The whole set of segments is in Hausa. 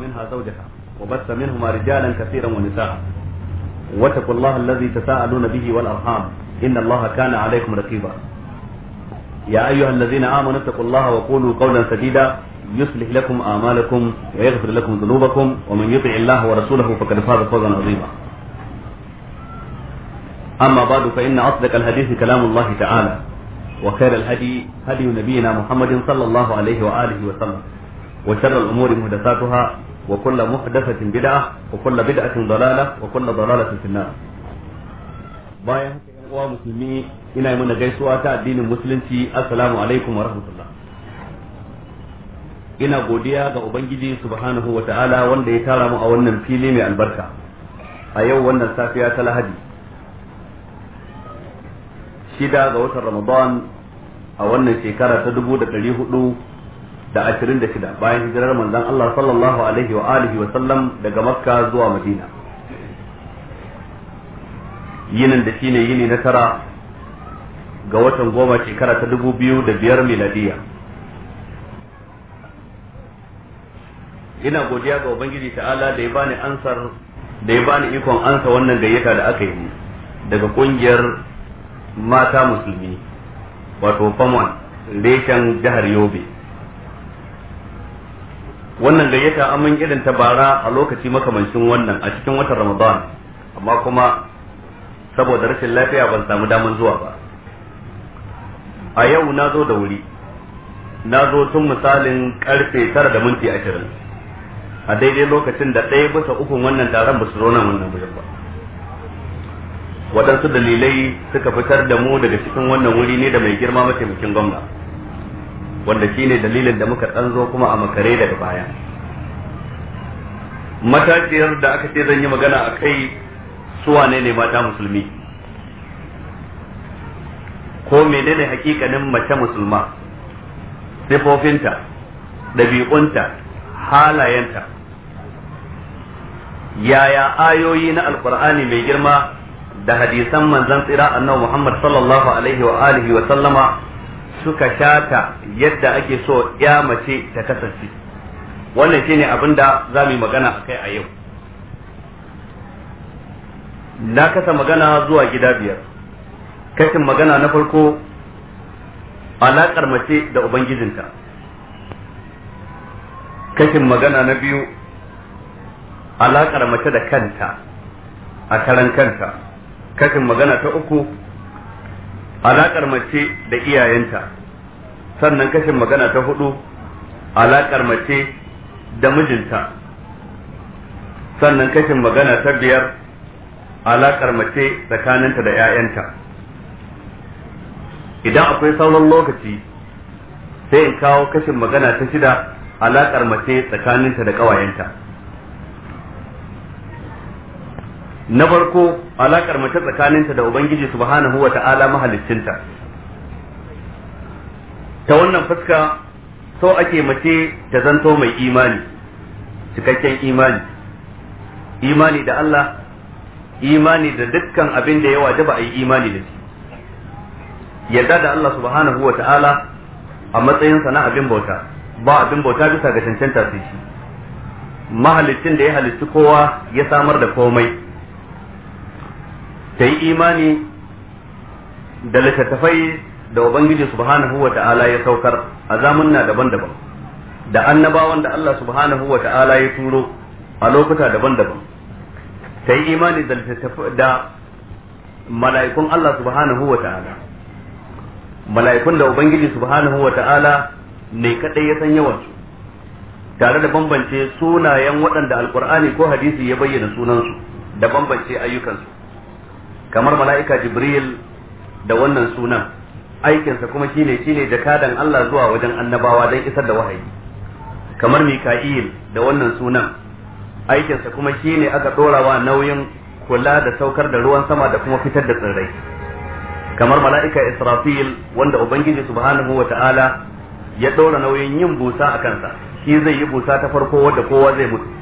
منها زوجها وبث منهما رجالا كثيرا ونساء واتقوا الله الذي تساءلون به والارحام ان الله كان عليكم رقيبا يا ايها الذين امنوا اتقوا الله وقولوا قولا سديدا يصلح لكم اعمالكم ويغفر لكم ذنوبكم ومن يطع الله ورسوله فقد فاز فوزا عظيما اما بعد فان اصدق الحديث كلام الله تعالى وخير الهدي هدي نبينا محمد صلى الله عليه واله وسلم وشر الأمور محدثاتها وكل محدثة بدعة وكل بدعة ضلالة وكل ضلالة في النار بايا uwa musulmi ina mana gaisuwa ta addinin musulunci assalamu alaikum wa rahmatullah ina godiya ga ubangiji subhanahu wa ta'ala wanda ya tara mu a wannan fili mai albarka a yau wannan safiya ta lahadi shida ga watan ramadan a wannan shekara ta dubu da ɗari hudu da ashirin da shida bayan hijirar manzon Allah sallallahu alaihi wa alihi wa sallam daga makka zuwa madina yinin da shine yini na tara ga watan goma shekara ta dubu biyu da biyar miladiya ina godiya ga ubangiji ta'ala da ya bani ansar da ya bani ikon ansa wannan gayyata da aka yi daga kungiyar mata musulmi wato famon reshen jihar yobe wannan gayyata an mun irin ta bara a lokaci makamancin wannan a cikin watan ramadan amma kuma saboda rashin lafiya ban samu daman zuwa ba a yau na zo da wuri na zo tun misalin karfe tara da minti ashirin a daidai lokacin da ɗaya bisa ukun wannan taron ba su zo nan wannan wajen ba waɗansu dalilai suka fitar da mu daga cikin wannan wuri ne da mai girma mataimakin gwamna wanda shine dalilin da muka tsanzo kuma a makare daga baya matashiyar da aka ce zan yi magana a kai suwane ne mata musulmi ko menene hakikanin mace musulma sifofinta ɗabi'unta halayenta yaya ayoyi na alkur'ani mai girma da hadisan manzan tsira annabi Muhammad sallallahu alaihi wa alihi wa sallama suka shata yadda ake so ya mace ta kasance wannan shine abin da za mu yi magana a kai a yau na kasa magana zuwa gida biyar kashin magana na farko alaƙar mace da ubangijinta kashin magana na biyu alaƙar mace da kanta a karan kanta kashin magana ta uku alaƙar mace da iyayenta sannan kashin magana ta hudu alaƙar mace da mijinta sannan kashin magana ta biyar alaƙar mace tsakaninta da 'ya'yanta idan akwai sauran lokaci sai in kawo kashin magana ta shida alaƙar mace tsakaninta da ƙawayenta na farko alakar mace tsakaninta da ubangiji subhanahu wa ta'ala mahaliccinta ta wannan fuska so ake mace ta zanto mai imani cikakken imani imani da Allah imani da dukkan abin da ya ba a yi imani da shi yadda da Allah subhanahu wa ta'ala a matsayinsa na abin bauta ba abin bauta bisa ga cancanta sai shi mahalicin da ya halicci kowa ya samar da komai ta yi imani da littattafai da ubangiji subhanahu wa ta'ala ya saukar a zamunna daban-daban da annabawan da Allah subhanahu wa ta'ala ya turo a lokuta daban-daban ta yi imani da da mala'ikun Allah subhanahu wa ta'ala mala'ikun da ubangiji subhanahu wa ta'ala ne kadai ya san yawansu tare da bambance sunayen waɗanda alkur'ani ko hadisi ya bayyana sunansu da bambance ayyukansu kamar mala'ika jibril da wannan sunan aikinsa kuma shine shine jakadan Allah zuwa wajen annabawa don isar da wahayi kamar mika'il da wannan sunan aikinsa kuma shine aka dorawa nauyin kula da saukar da ruwan sama da kuma fitar da tsirrai kamar mala'ika israfil wanda ubangiji subhanahu wata'ala ya dora nauyin yin busa a kansa shi zai yi busa ta farko wadda kowa zai mutu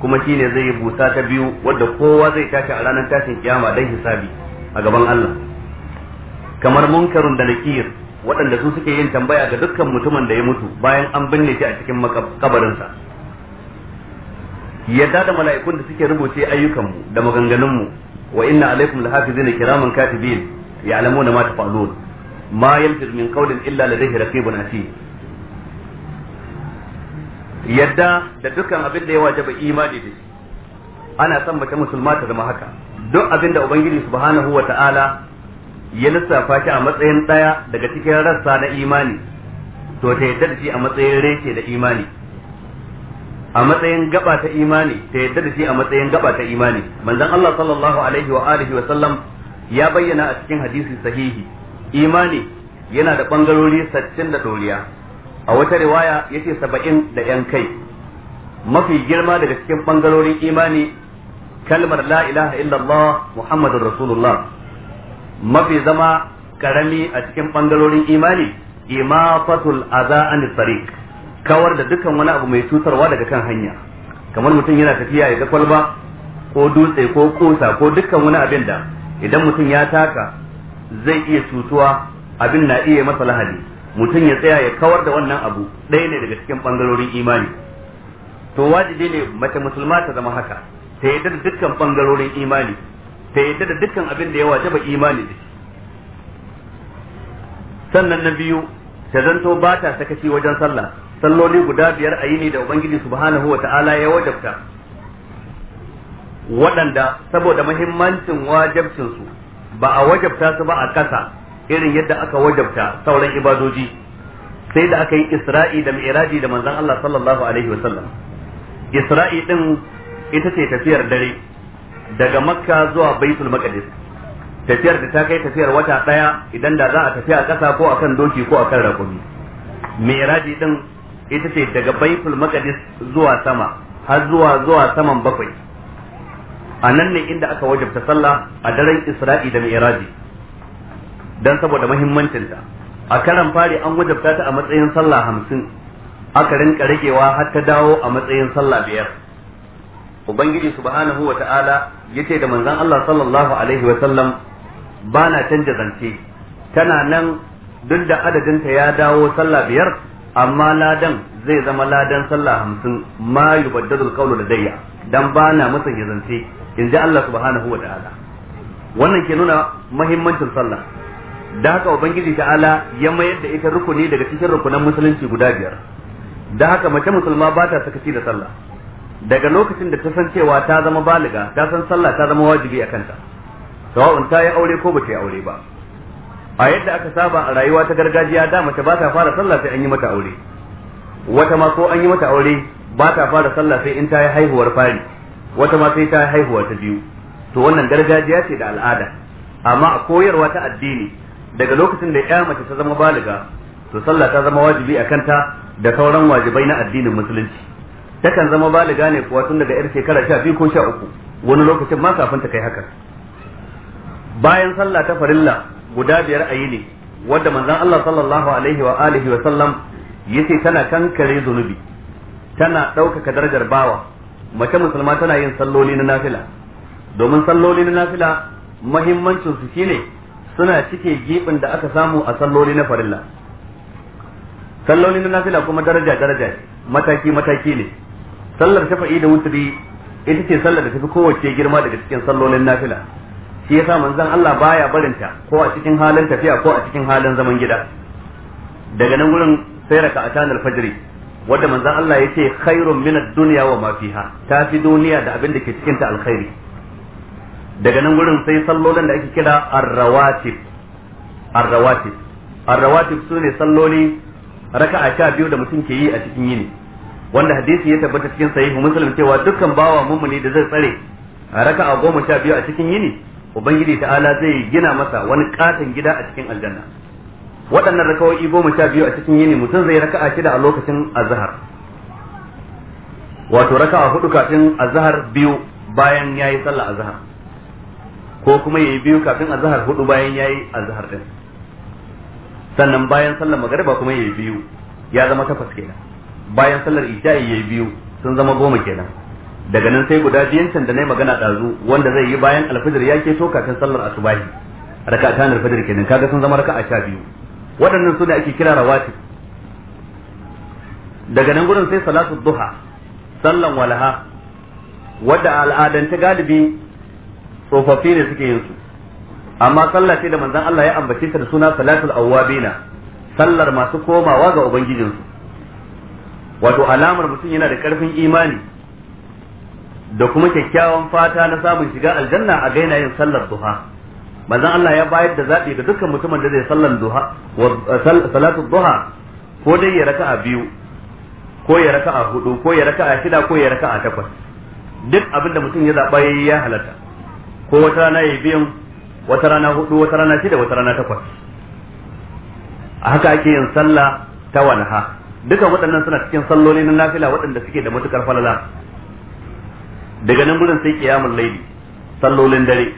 kuma shi ne zai yi busa ta biyu wadda kowa zai tashi a ranar tashin kiyama dan hisabi a gaban Allah kamar munkarun da nakir waɗanda su suke yin tambaya ga dukkan mutumin da ya mutu bayan an binne shi a cikin kabarinsa yadda da mala'ikun da suke rubuce ayyukanmu da maganganunmu wa inna alaikum lahafizin kiraman katibin ya'lamuna ma tafa'alun ma yalfiz min qawlin illa ladayhi raqibun atid yadda da dukkan abin da ya wajaba imani da shi ana son mace musulma ta zama haka duk abin da ubangiji subhanahu wa ta'ala ya lissafa shi a matsayin daya daga cikin rassa na imani to ta yadda da shi a matsayin reshe da imani a matsayin gaba ta imani ta yadda da shi a matsayin gaba ta imani manzon Allah sallallahu alaihi wa alihi wa sallam ya bayyana a cikin hadisi sahihi imani yana da bangarori sattin da doriya a wata riwaya yace saba'in da yan kai mafi girma daga cikin bangarorin imani kalmar la ilaha illallah muhammadur rasulullah mafi zama karami a cikin bangarorin imani imafatul aza an tariq kawar da dukkan wani abu mai cutarwa daga kan hanya kamar mutum yana tafiya ya ga kwalba ko dutse ko kosa ko dukkan wani abin da idan mutum ya taka zai iya cutuwa abin na iya masa lahadi mutum ya tsaya ya kawar da wannan abu ɗaya ne daga cikin ɓangarorin imani to wajibi ne mace musulma ta zama haka ta yadda da dukkan ɓangarorin imani ta yadda da dukkan abin da ya wajaba imani da shi sannan na biyu ta zanto ba ta sakaci wajen sallah salloli guda biyar a yi ne da ubangiji subhanahu wa ta'ala ya wajabta waɗanda saboda mahimmancin wajabcinsu ba a wajabta su ba a ƙasa irin yadda aka wajabta sauran ibadoji sai da aka yi isra'i da mi'raji da manzon Allah sallallahu alaihi wasallam isra'i din ita ce tafiyar dare daga makka zuwa baitul maqdis tafiyar da ta kai tafiyar wata daya idan da za a tafi a kasa ko akan doki ko akan rakumi mi'raji din ita ce daga baitul maqdis zuwa sama har zuwa zuwa saman bakwai a nan ne inda aka wajabta sallah a daren isra'i da mi'raji dan saboda muhimmancin ta a karan fari an wajabta ta a matsayin sallah hamsin aka rinka ragewa har ta dawo a matsayin sallah biyar ubangiji subhanahu wa ta'ala yace da manzon Allah sallallahu alaihi wa sallam ba na canja zance tana nan duk da adadin ta ya dawo sallah biyar amma ladan zai zama ladan sallah hamsin ma yubaddadul qawlu dayya dan ba na musanya zance in ji Allah subhanahu wa ta'ala wannan ke nuna muhimmancin sallah da haka ubangiji ta'ala ya mayar da ita rukuni daga cikin rukunan musulunci guda biyar da haka mace musulma ba ta sakaci da sallah daga lokacin da ta san cewa ta zama baliga ta san sallah ta zama wajibi a kanta sawa'un ta yi aure ko ba ta yi aure ba a yadda aka saba a rayuwa ta gargajiya da mace ba ta fara sallah sai an yi mata aure wata ma ko an yi mata aure ba ta fara sallah sai in ta yi haihuwar fari wata ma sai ta yi haihuwa ta biyu to wannan gargajiya ce da al'ada amma a koyarwa ta addini daga lokacin da ya mace ta zama baliga to sallah ta zama wajibi a kanta da sauran wajibai na addinin musulunci takan zama baliga ne kuwa tun daga 'yar shekara sha biyu ko sha uku wani lokacin ma kafin ta kai haka bayan sallah ta farilla guda biyar a ne, wadda manzon Allah sallallahu alaihi wa alihi wa sallam yace tana kankare zunubi tana ɗaukaka darajar bawa mace musulma tana yin salloli na nafila domin salloli na nafila muhimmancin su shine suna cike gibin da aka samu a salloli na farilla salloli na nafila kuma daraja daraja mataki mataki ne sallar shafa'i da wutri ita ce sallar da tafi kowace girma daga cikin sallolin nafila shi yasa manzon Allah baya barin ta ko a cikin halin tafiya ko a cikin halin zaman gida daga nan gurin sai raka fajiri fajri wanda manzon Allah yace khairum min ad-dunya wa ma fiha tafi duniya da abin da ke cikin ta alkhairi daga nan wurin sai sallolin da ake kira arrawatib arrawatib arrawatib su ne salloli raka'a sha biyu da mutum ke yi a cikin yini wanda hadisi ya tabbata cikin sahihu muslim cewa dukkan bawa mummuni da zai tsare raka'a goma sha biyu a cikin yini ubangiji ta'ala zai gina masa wani katon gida a cikin aljanna waɗannan raka'o'i goma sha biyu a cikin yini mutum zai raka'a shida a lokacin azhar wato raka'a hudu kafin azhar biyu bayan yayi sallah azhar ko kuma yayi biyu kafin azhar hudu bayan yayi azhar din sannan bayan sallar magriba kuma yayi biyu ya zama takwas kenan bayan sallar isha'i yayi biyu sun zama goma kenan daga nan sai guda biyan can da nayi magana dazu wanda zai yi bayan alfajir ya ke to kafin sallar asubahi raka'atan alfajir kenan kaga sun zama raka'a sha biyu waɗannan su ne ake kira rawatib daga nan gurin sai salatu duha sallan walaha wadda al'adance galibi tsofaffi ne suke yin su amma sallah ce da manzon Allah ya ambace ta da suna salatul awwabina sallar masu komawa ga ubangijinsu wato alamar mutum yana da karfin imani da kuma kyakkyawan fata na samun shiga aljanna a gaina yin sallar duha manzon Allah ya bayar da zabi ga dukkan mutumin da zai sallar duha duha ko dai ya raka'a biyu ko ya raka'a hudu ko ya raka'a shida ko ya raka'a takwas duk abin da mutum ya zaba ya halatta ko wata rana ya biyan wata rana hudu wata rana shida wata rana takwas a haka ake yin sallah ta wanha duka waɗannan suna cikin salloli na nafila waɗanda suke da matukar falala daga nan gudun sai kiyamun laili sallolin dare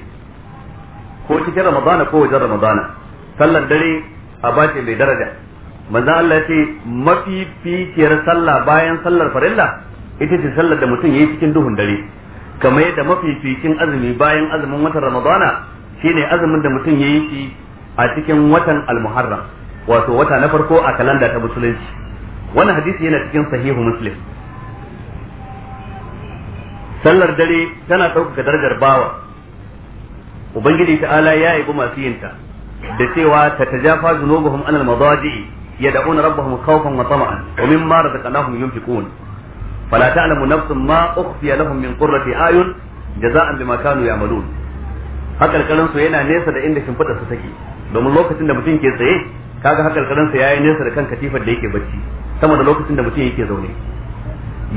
ko cikin ramadana ko wajen ramadana sallar dare a bace mai daraja manzan Allah ya ce mafi fikiyar sallah bayan sallar farilla ita ce sallar da mutum ya yi cikin duhun dare kamar yadda mafificin azumi bayan azumin watan ramadana shine azumin da mutum ya yi shi a cikin watan almuharram wato wata na farko a kalanda ta musulunci wannan hadisi yana cikin sahihu muslim sallar dare tana ɗaukaka darajar bawa ubangiji ta'ala ya yabi masu yinta da cewa ta tajafa zunubuhum anil ya da'una rabbahum khawfan wa tama'an wa mimma razaqnahum yunfiqun fala ta'lamu nafsun ma ukhfiya lahum min qurrati ayun jaza'an bima kanu ya'malun hakalkarin su yana nesa da inda shimfidar su take domin lokacin da mutum ke tsaye kaga hakalkarin sa yayi nesa da kan katifar da yake bacci sama da lokacin da mutum yake zaune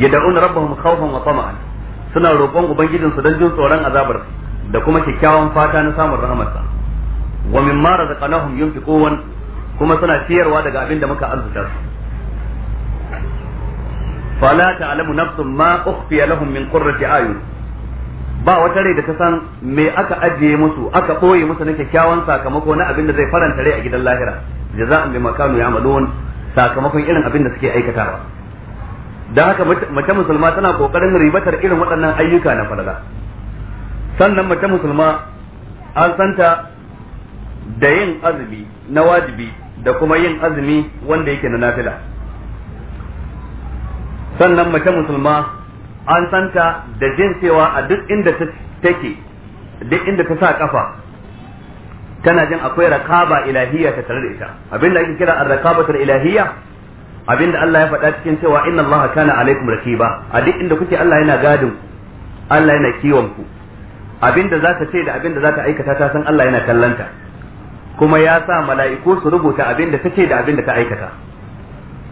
yad'una rabbahum khawfan wa tama'an suna roƙon ubangijin su don jin tsoron azabar da kuma kyakkyawan fata na samun rahamarsa wa mimma razaqnahum yunfiqun kuma suna ciyarwa daga abin da muka arzuta su fala ta'lamu nafsun ma ukhfiya lahum min qurrati ayun ba wata rai da ta san me aka ajiye musu aka ɓoye musu na kyakkyawan sakamako na abin da zai faranta rai a gidan lahira jaza'an bima kanu ya'malun sakamakon irin abin da suke aikatawa dan haka mace musulma tana kokarin ribatar irin waɗannan ayyuka na falala sannan mace musulma an santa da yin azumi na wajibi da kuma yin azumi wanda yake na nafila sannan mace musulma an santa da jin cewa a duk inda ta take duk inda ta sa kafa tana jin akwai rakaba ilahiyya ta tare da ita abinda ake kira ar-rakabatul ilahiyya abinda Allah ya faɗa cikin cewa inna Allah kana alaikum rakiba a duk inda kuke Allah yana gadin ku Allah yana kiwon ku abinda za ta ce da abinda za ta aikata ta san Allah yana kallanta kuma ya sa mala'iku su rubuta abinda ta ce da abinda ta aikata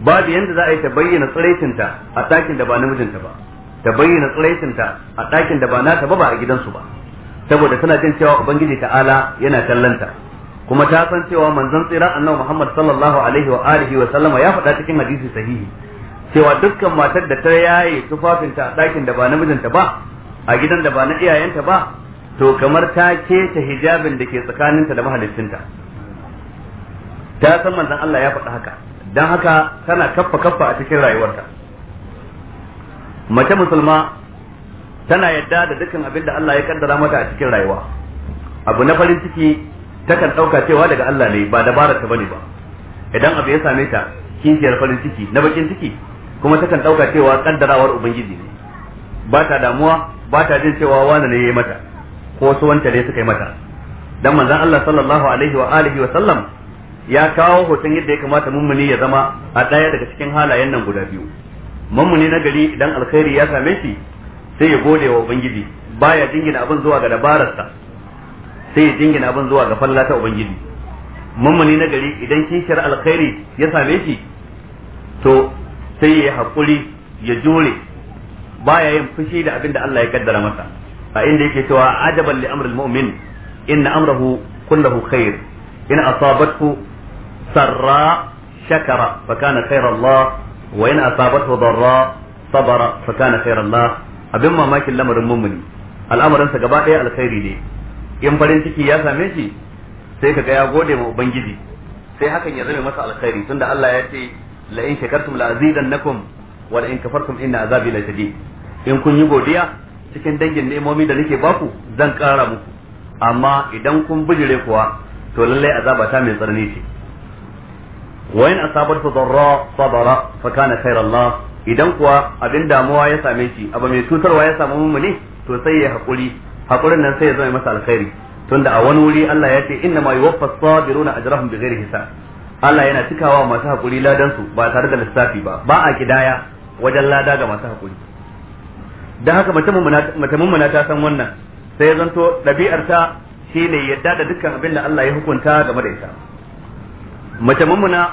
babu yanda za a yi ta bayyana tsiraitinta a ɗakin da ba namijinta ba ta bayyana tsiraitinta a ɗakin da ba nata ba ba a gidansu ba saboda tana jin cewa ubangiji ta'ala yana kallanta kuma ta san cewa manzon tsira annabi Muhammad sallallahu alaihi wa alihi wa sallama ya faɗa cikin hadisi sahihi cewa dukkan matar da ta yaye tufafinta a ɗakin da ba namijinta ba a gidan da ba na iyayenta ba to kamar ta keta hijabin da ke tsakaninta da mahaliccinta ta san manzon Allah ya faɗa haka don haka tana kaffa kaffa a cikin rayuwarta mace musulma tana yadda da dukkan abin da Allah ya kaddara mata a cikin rayuwa abu na farin ciki takan ɗauka cewa daga Allah ne ba dabarar ta bane ba idan abu ya same ta kishiyar farin ciki na bakin ciki kuma takan ɗauka cewa kaddarawar ubangiji ne ba ta damuwa ba ta jin cewa wani ne ya yi mata ko su wanta ne suka yi mata dan manzon Allah sallallahu alaihi wa alihi wa sallam ya kawo hoton yadda ya kamata mummuni ya zama a ɗaya daga cikin halayen nan guda biyu mummuni na gari idan alkhairi ya same shi sai ya gode wa ubangiji baya jingina abin zuwa ga dabararsa sai ya jingina abin zuwa ga fallata ubangiji mummuni na gari idan kishiyar alkhairi ya same shi to sai ya hakuri ya jure baya yin fushi da abin da Allah ya kaddara masa a inda yake cewa ajaban li amrul mu'min inna amrahu kullahu khair in asabatku سراء شكر فكان خير الله وإن أصابته ضراء صبر فكان خير الله abin mamakin lamarin mummuni al'amarinsa gaba ɗaya alkhairi ne in farin ciki ya same shi sai ka ga ya gode ma ubangiji sai hakan ya zame masa alkhairi tunda Allah ya ce la in shakartum la azidannakum wa in kafartum inna azabi la shadid in kun yi godiya cikin dangin ne'imomi da nake baku zan ƙara muku amma idan kun bijire kuwa to lallai azaba ta mai tsarni ce wa in asabatu darra sabara fa kana idan kuwa abin damuwa ya same shi abu mai cutarwa ya samu mumuni to sai ya hakuri hakurin nan sai ya zama masa alkhairi tunda a wani wuri Allah ya ce inna ma yuwaffas sabiruna ajrahum bighairi hisab Allah yana cikawa masu hakuri ladan su ba tare da lissafi ba ba a kidaya wajen lada ga masu hakuri dan haka mace mummuna ta san wannan sai ya zanto ɗabi'arta shine yadda da dukkan abin da Allah ya hukunta game da ita mace mummuna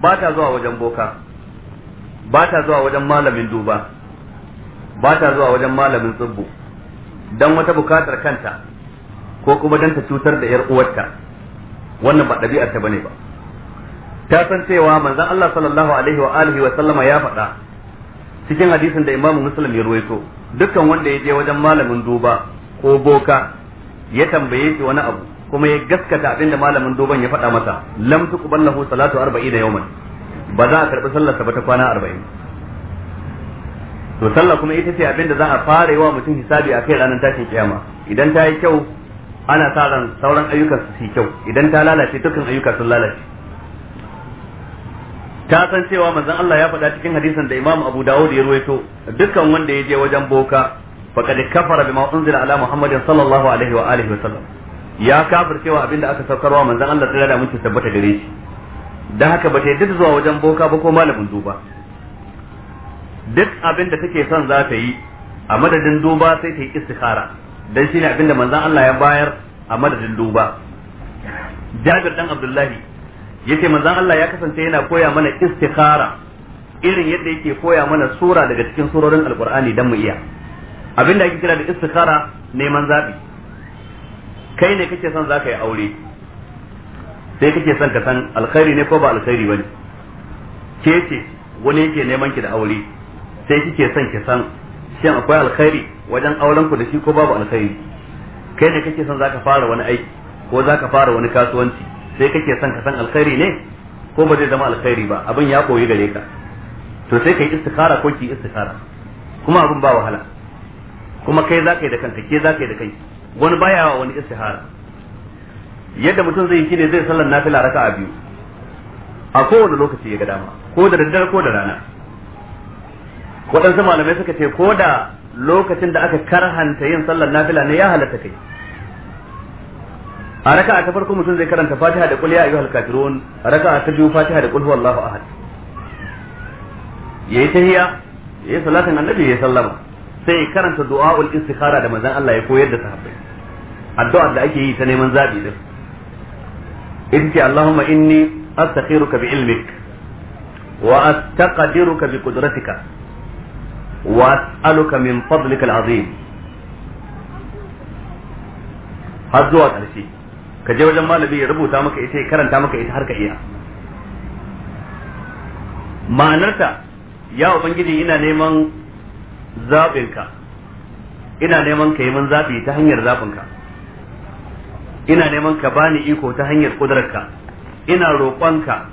ba ta zuwa wajen boka ba ta zuwa wajen malamin duba ba ta zuwa wajen malamin tsibbu don wata bukatar kanta ko kuma don ta cutar da 'yar uwarta wannan ba ɗabi'ar ta bane ba ta san cewa manzon Allah sallallahu alaihi wa alihi wa sallama ya faɗa cikin hadisin da Imam Muslim ya ruwaito dukkan wanda ya je wajen malamin duba ko boka ya tambaye shi wani abu kuma ya gaskata abin da malamin doban ya faɗa masa lam tuqbal lahu salatu 40 yawman ba za a karɓi sallarsa ba ta kwana arba'in. to sallah kuma ita ce abin da za a fara yi wa mutum hisabi a kai ranar tashin kiyama idan ta yi kyau ana sa ran sauran ayyukan su yi kyau idan ta lalace dukkan ayyuka sun lalace ta san cewa manzon Allah ya faɗa cikin hadisin da Imam Abu Dawud ya ruwaito dukkan wanda ya je wajen boka faqad kafara bima unzila ala Muhammadin sallallahu alaihi wa alihi wa sallam ya kafir cewa abin da aka saukarwa manzon Allah ta da mutum tabbata gare shi dan haka ba ta yadda zuwa wajen boka ba ko malamin duba duk abin da take son za ta yi a madadin duba sai ta yi istikhara dan shine abin da manzon Allah ya bayar a madadin duba Jabir dan Abdullahi yace manzon Allah ya kasance yana koya mana istikhara irin yadda yake koya mana sura daga cikin surorin alkur'ani dan mu iya abinda ake kira da istikhara neman zabi kai ne kake son zaka yi aure sai kake son ka san alkhairi ne ko ba alkhairi bane ke ce wani yake neman ki da aure sai kike son ki san shin akwai alkhairi wajen auren ku da shi ko babu alkhairi kai ne kake son zaka fara wani aiki ko zaka fara wani kasuwanci sai kake son ka san alkhairi ne ko ba zai zama alkhairi ba abin ya koyi gare ka to sai kai istikhara ko ki istikhara kuma abin ba wahala kuma kai zaka yi da kanka ke zaka yi da kanki wani baya wa wani istihara yadda mutum zai shine zai sallar nafila a biyu a kowane lokaci ya ga dama ko da daddare ko da rana waɗansu malamai suka ce ko da lokacin da aka karhanta yin sallar nafila ne ya halatta kai a raka'a ta farko mutum zai karanta fatiha da qul ya ayyuhal kafirun raka'a ta biyu fatiha da qul huwallahu ahad yayi tahiyya yayi salatin annabi yayi sallama sai karanta du'a'ul istikhara da manzon Allah ya koyar da sahabbai addu'ar da ake yi ta neman zabi din in ce Allahumma inni astakhiruka bi ilmik wa astaqdiruka bi qudratika wa as'aluka min fadlika al'azim har zuwa ƙarshe ka je wajen malami ya rubuta maka ita ya karanta maka ita har ka iya ma'anarta ya ubangiji ina neman zaɓinka ina neman ka yi min zaɓi ta hanyar zaɓinka ina neman ka bani iko ta hanyar ƙudurarka ina roƙonka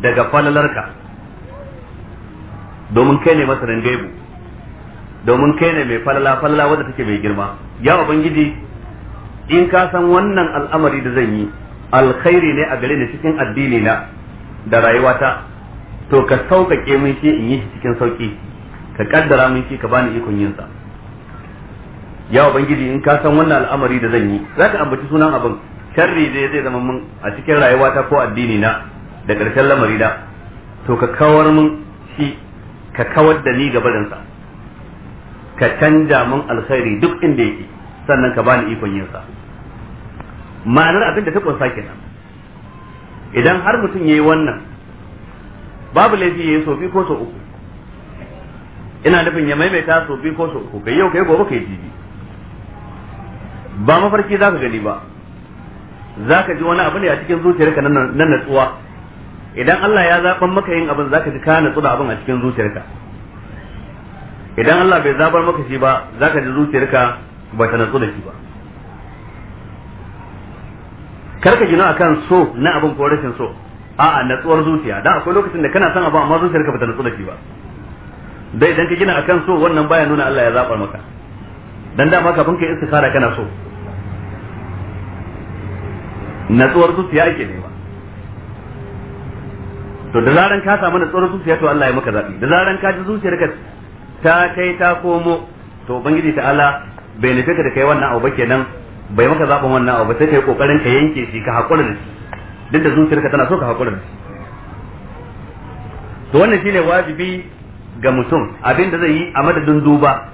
daga falalarka domin kai ne masarin gaibu domin kai ne mai falala falala wadda take mai girma ya ubangiji in ka san wannan al'amari da zan yi alkhairi ne a gare ni cikin addini na da rayuwata to ka sauƙaƙe min shi in yi shi cikin sauƙi ka kaddara min shi ka bani ikon yin sa ya ubangiji in ka san wannan al'amari da zan yi zaka ambaci sunan abin sharri da zai zama mun a cikin rayuwata ko addini na da ƙarshen lamari da to ka kawar mun shi ka kawar da ni ga sa ka canja mun alkhairi duk inda yake sannan ka bani ikon yin sa ma'anar abin da ta kunsa kenan idan har mutum yayi wannan babu laifi yayi sofi ko so uku ina nufin ya maimaita su biyu ko su uku kai yau kai gobe kai jibi ba mafarki za ka gani ba Za ka ji wani abu ne a cikin zuciyarka nan natsuwa idan Allah ya zaban maka yin abin za ka ji ka natsu da abin a cikin zuciyarka idan Allah bai zabar maka shi ba za ka ji zuciyarka ba ta natsu da shi ba karka gina akan so na abin ko rashin so a'a natsuwar zuciya dan akwai lokacin da kana son abu amma zuciyarka ba ta natsu da shi ba dai idan ka gina akan so wannan baya nuna Allah ya zaba maka dan dama kafin ka istikhara kana so natsuwar zuciya ake nema to da zaran ka samu natsuwar zuciya to Allah ya maka zabi da zaran ka ji zuciyarka ta kai ta komo to ubangiji Ala bai nufi ka da kai wannan abu kenan bai maka zaɓin wannan abu sai kai kokarin ka yanke shi ka hakura da shi duk da zuciyarka tana so ka hakura da shi to wannan shine wajibi ga mutum abin da zai yi a madadin duba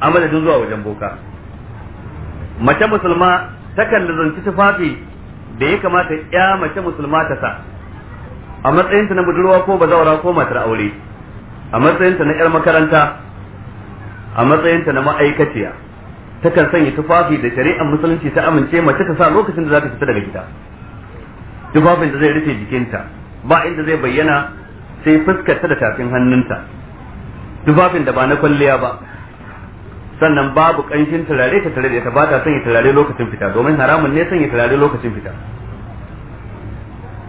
a madadin zuwa wajen boka mace musulma takan zanci tufafi da ya kamata ya mace musulma ta sa a matsayinta na budurwa ko bazawara ko matar aure a matsayinta na 'yar makaranta a matsayinta na ma'aikaciya takan sanya tufafi da shari'ar musulunci ta amince mace ta sa lokacin da za ta fita daga gida tufafin da zai rufe jikinta ba inda zai bayyana sai fuskarta da tafin hannunta tufafin da ba na kwalliya ba sannan babu kanshin turare ta tare da ita ba ta sanya turare lokacin fita domin haramun ne sanya turare lokacin fita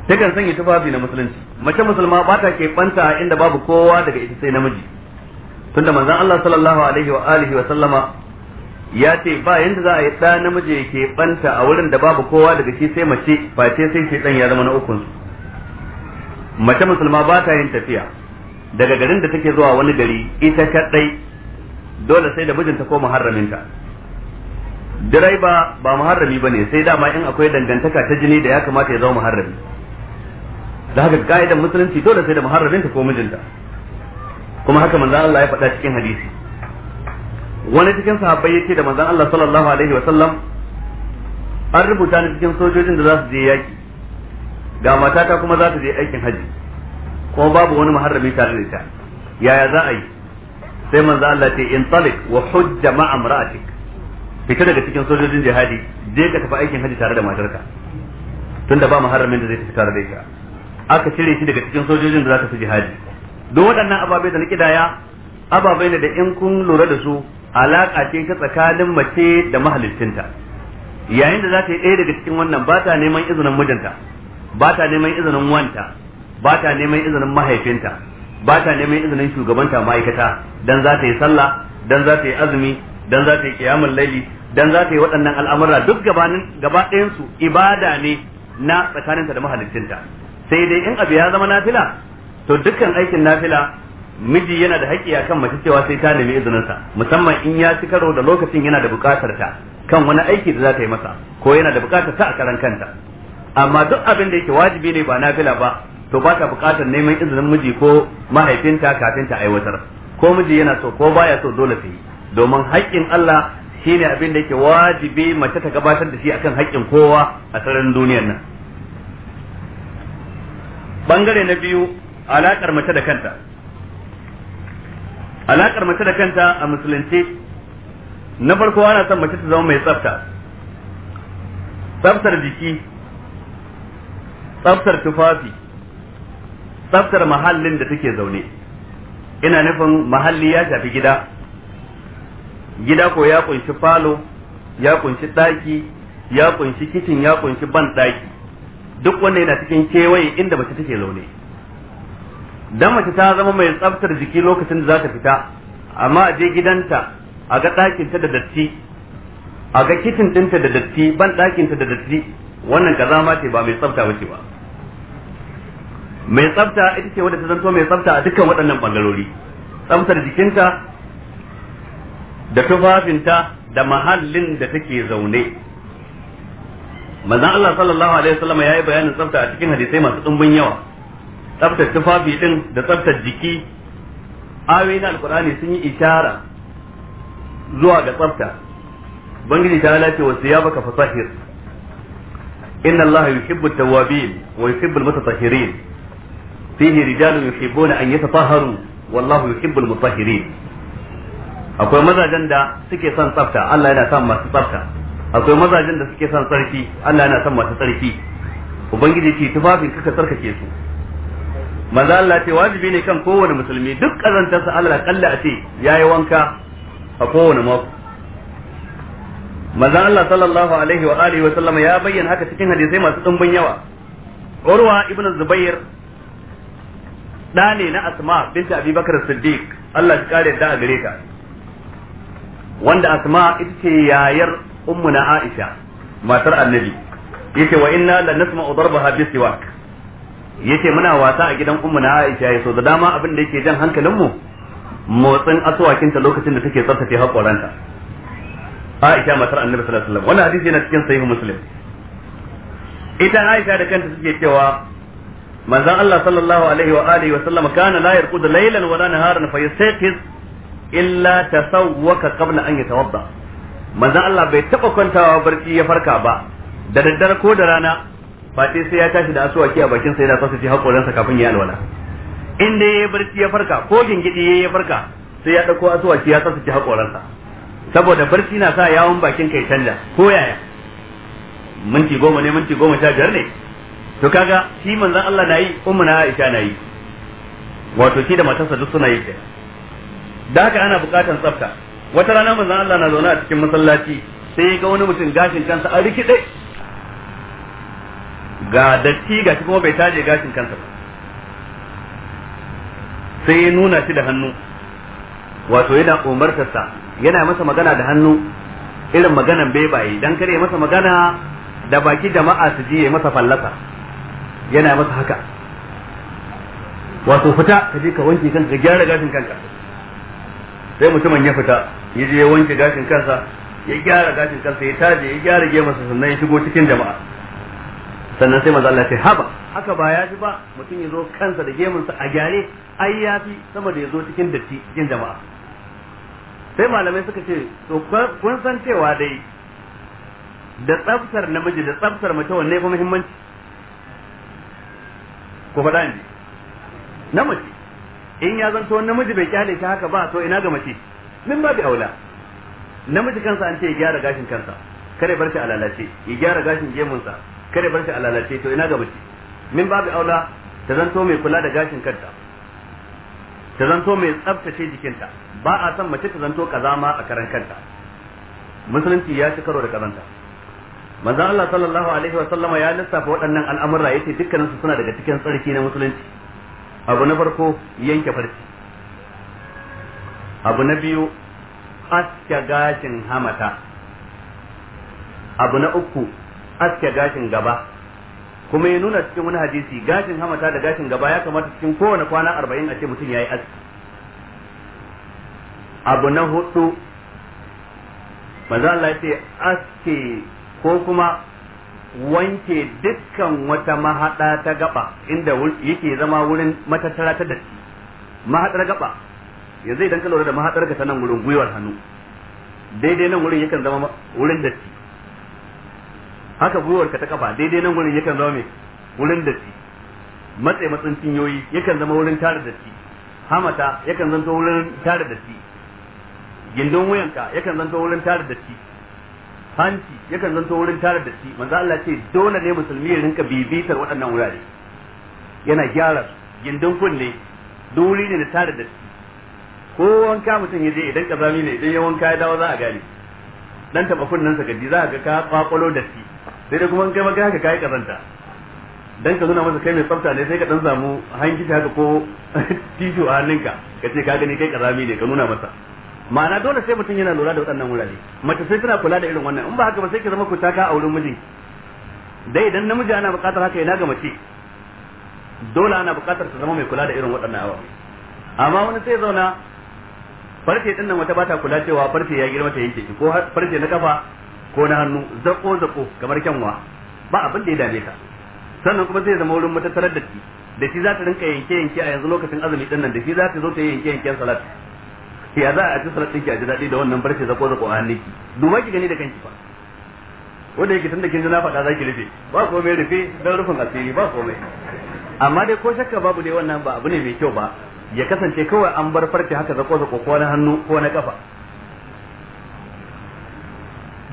Ta kan sanya tufafi na musulunci mace musulma ba ta ke banta inda babu kowa daga ita sai namiji tunda manzon Allah sallallahu alaihi wa alihi wa sallama ya ce ba yanda za a yi ɗa namiji ya ke banta a wurin da babu kowa daga shi sai mace face sai shi dan ya zama na ukun mace musulma ba ta yin tafiya daga garin da take zuwa wani gari ita kadai dole sai da mijinta ko muharraminta direba ba muharrami bane sai dama in akwai dangantaka ta jini da ya kamata ya zama muharrami da haka ka'idan musulunci dole sai da muharraminta ko mijinta kuma haka manzon Allah ya faɗa cikin hadisi wani cikin sahabbai yake da manzon Allah sallallahu alaihi wa sallam an rubuta ni cikin sojojin da za su je yaki ga matata kuma za ta je aikin haji kuma babu wani muharrami tare da ita yaya za a yi sai manzo Allah ce in talik wa hujja ma amra'atik fita daga cikin sojojin jihadi je ka tafi aikin haji tare da matarka tunda ba muharramin da zai tafi tare da ita aka cire shi daga cikin sojojin da za ka fi jihadi don waɗannan ababai da na kidaya ababai ne da in kun lura da su alaka ce ta tsakanin mace da mahalicinta yayin da za ta yi ɗaya daga cikin wannan ba ta neman izinin mijinta ba ta neman izinin wanta ba ta neman izinin mahaifinta ba ta neman izinin shugabanta ma'aikata dan za ta yi sallah dan za ta yi azumi dan za ta yi kiyamul laili dan za ta yi waɗannan al'amura duk gabanin gaba ɗayan su ibada ne na tsakaninta da mahaliccinta sai dai in abu ya zama nafila to dukkan aikin nafila miji yana da haƙƙi akan mace cewa sai ta nemi izinin sa musamman in ya ci karo da lokacin yana da buƙatar ta kan wani aiki da za ta yi masa ko yana da buƙatar ta a karan kanta amma duk abin da yake wajibi ne ba nafila ba to ba ta buƙatar neman izinin miji ko mahaifinta kafin ta aiwatar ko miji yana so ko baya so dole ta yi domin haƙƙin Allah shine abin da yake wajibi mace ta gabatar da shi akan haƙƙin kowa a sararin duniyar nan bangare na biyu alaƙar mace da kanta alakar mace da kanta a musulunci na farko ana son mace ta zama mai tsafta tsaftar jiki tsaftar tufafi tsaftar mahallin da take zaune ina nufin mahalli ya shafi gida gida ko ya kunshi falo ya kunshi ɗaki ya kunshi kicin ya kunshi ban daki duk wanda yana cikin kewaye inda mace take zaune dan mace ta zama mai tsaftar jiki lokacin da za ta fita amma a je gidanta a ga ɗakinta da datti a ga kicin ɗinta da datti ban ta da datti wannan kazama ce ba mai tsafta bace ba mai tsafta ita ce wadda ta zanto mai tsafta a dukkan waɗannan bangarori tsaftar jikinta da tufafinta da mahallin da take zaune manzon Allah sallallahu alaihi wasallam yayi bayanin tsafta a cikin hadisai masu ɗumbin yawa tsaftar tufafi din da tsaftar jiki ayoyin alkur'ani sun yi ishara zuwa ga tsafta bangiji ta lalace wa siyabaka fasahir inna allaha yuhibbu at-tawwabin wa yuhibbu al-mutatahhirin fihi rijalun yuhibbuna an yatatahharu wallahu yuhibbul mutahhirin akwai mazajen da suke son tsafta Allah yana son masu tsafta akwai mazajen da suke son tsarki Allah yana son masu tsarki ubangiji ce tufafin kaka tsarkake su manzo Allah ce wajibi ne kan kowane musulmi duk kazantarsa Allah kalla a ce yayi wanka a kowane mako manzo Allah sallallahu alaihi wa alihi wa sallama ya bayyana haka cikin hadisai masu dimbin yawa Urwa ibn Zubair da ne na asma binta abi bakar siddiq Allah ya kare da gare wanda asma ita ce yayar ummu na aisha matar annabi yace wa inna la nasma'u darbaha bi siwak yace muna wasa a gidan ummu na aisha yaso da dama abin da yake jan hankalin mu motsin aswakin ta lokacin da take tsaftace hakoranta aisha matar annabi sallallahu alaihi wasallam wannan hadisi yana cikin sahih muslim ita aisha da kanta suke cewa manzon Allah sallallahu alaihi wa alihi wa sallam kana la yarqud laylan wala naharan fa yastaqiz illa tasawwaka qabla an yatawadda manzon Allah bai taba kwantawa barci ya farka ba da daddare ko da rana fati sai ya tashi da asuwaki a bakin sa yana fasa ji hakoransa kafin ya alwala in dai ya barci ya farka ko gingidi ya farka sai ya dauko asuwaki ya fasa ji hakoransa saboda barci na sa yawon bakin kai canja ko yaya minti goma ne minti goma sha biyar ne to kaga shi manzon Allah na yi Umma na Aisha na yi wato shi da matarsa duk suna yi kenan da haka ana bukatan tsafta wata rana manzon Allah na zaune a cikin masallaci sai ga wani mutum gashin kansa a rikide ga datti ga shi kuma bai taje gashin kansa ba sai ya nuna shi da hannu wato yana sa yana masa magana da hannu irin maganan bebaye dan kare masa magana da baki jama'a su ji masa fallasa yana masa haka wato fita ka je ka wanke kanka ka gyara gashin kanka sai mutumin ya fita ya je ya wanke gashin kansa ya gyara gashin kansa ya taje ya gyara gemarsa sannan ya shigo cikin jama'a sannan sai manzo Allah ya ce haba haka ba ya fi ba mutum ya zo kansa da sa a gyare ai ya fi sama da ya zo cikin datti cikin jama'a sai malamai suka ce to kun san cewa dai da tsabtar namiji da tsabtar mace wanne fa muhimmanci ko ba in na mace in ya zanto namiji bai kyale ta haka ba to ina ga mace min ba bi aula namiji kansa an ce ya gyara gashin kansa kare bar shi a lalace ya gyara gashin gemunsa kare bar shi a lalace to ina ga mace min ba bi aula ta zanto mai kula da gashin kanta ta zanto mai tsaftace jikinta ba a san mace ta zanto kazama a karan kanta musulunci ya ci karo da kazanta manzo Allah sallallahu alaihi wa sallama ya lissafa waɗannan al'amura yace dukkanin su suna daga cikin tsarki na musulunci abu na farko yanke farci abu na biyu aske gashin hamata abu na uku aske gashin gaba kuma ya nuna cikin wani hadisi gashin hamata da gashin gaba ya kamata cikin kowane kwana arba'in a ce mutum ya yi aski abu na hudu maza Allah ce aske ko kuma wanke dukkan wata mahaɗa ta gaba inda yake zama wurin matattara ta datti mahaɗar gaba yanzu idan ka lura da mahaɗar ka sanan nan wurin gwiwar hannu daidai nan wurin yakan zama wurin datti haka gwiwar ka ta kafa daidai nan wurin yakan zama mai wurin datti matse matsin cinyoyi yakan zama wurin tara datti hamata yakan zanto wurin tara datti gindin wuyanka yakan zanto wurin tara datti hanci yakan zanto wurin tara da shi manzo Allah ce dole ne musulmi ya rinka bibitar waɗannan wurare yana gyara gindin kunne duri ne da tara da shi ko wanka mutum ya je idan kazami ne idan ya wanka ya dawo za a gane dan taba kunnen sa gaji za ka ga kwakwalo da shi sai da kuma kai maka haka kai kazanta dan ka nuna masa kai mai tsafta ne sai ka dan samu hanki haka ko titi a hannunka ka ce ka gani kai kazami ne ka nuna masa ma'ana dole sai mutum yana lura da waɗannan wurare mace sai tana kula da irin wannan in ba haka ba sai ki zama ku taka a wurin miji dai idan namiji ana buƙatar haka yana ga mace dole ana buƙatar ta zama mai kula da irin waɗannan awa amma wani sai zauna farce din nan wata bata kula cewa farce ya girma ta yanke ko farce na kafa ko na hannu zako zako kamar kyanwa ba abin da ya dame ta sannan kuma zai zama wurin matattarar da shi da shi za ta rinka yanke yanke a yanzu lokacin azumi din nan da shi za ta zo ta yanke yanken salat ya za a ci salat ɗinki a ji daɗi da wannan barci zako zako a hannunki duba ki gani da kanki fa wanda yake tun da kin ji na faɗa zaki rufe ba komai rufe dan rufin asiri ba komai amma dai ko shakka babu dai wannan ba abu ne mai kyau ba ya kasance kawai an bar farce haka zako zako ko na hannu ko na kafa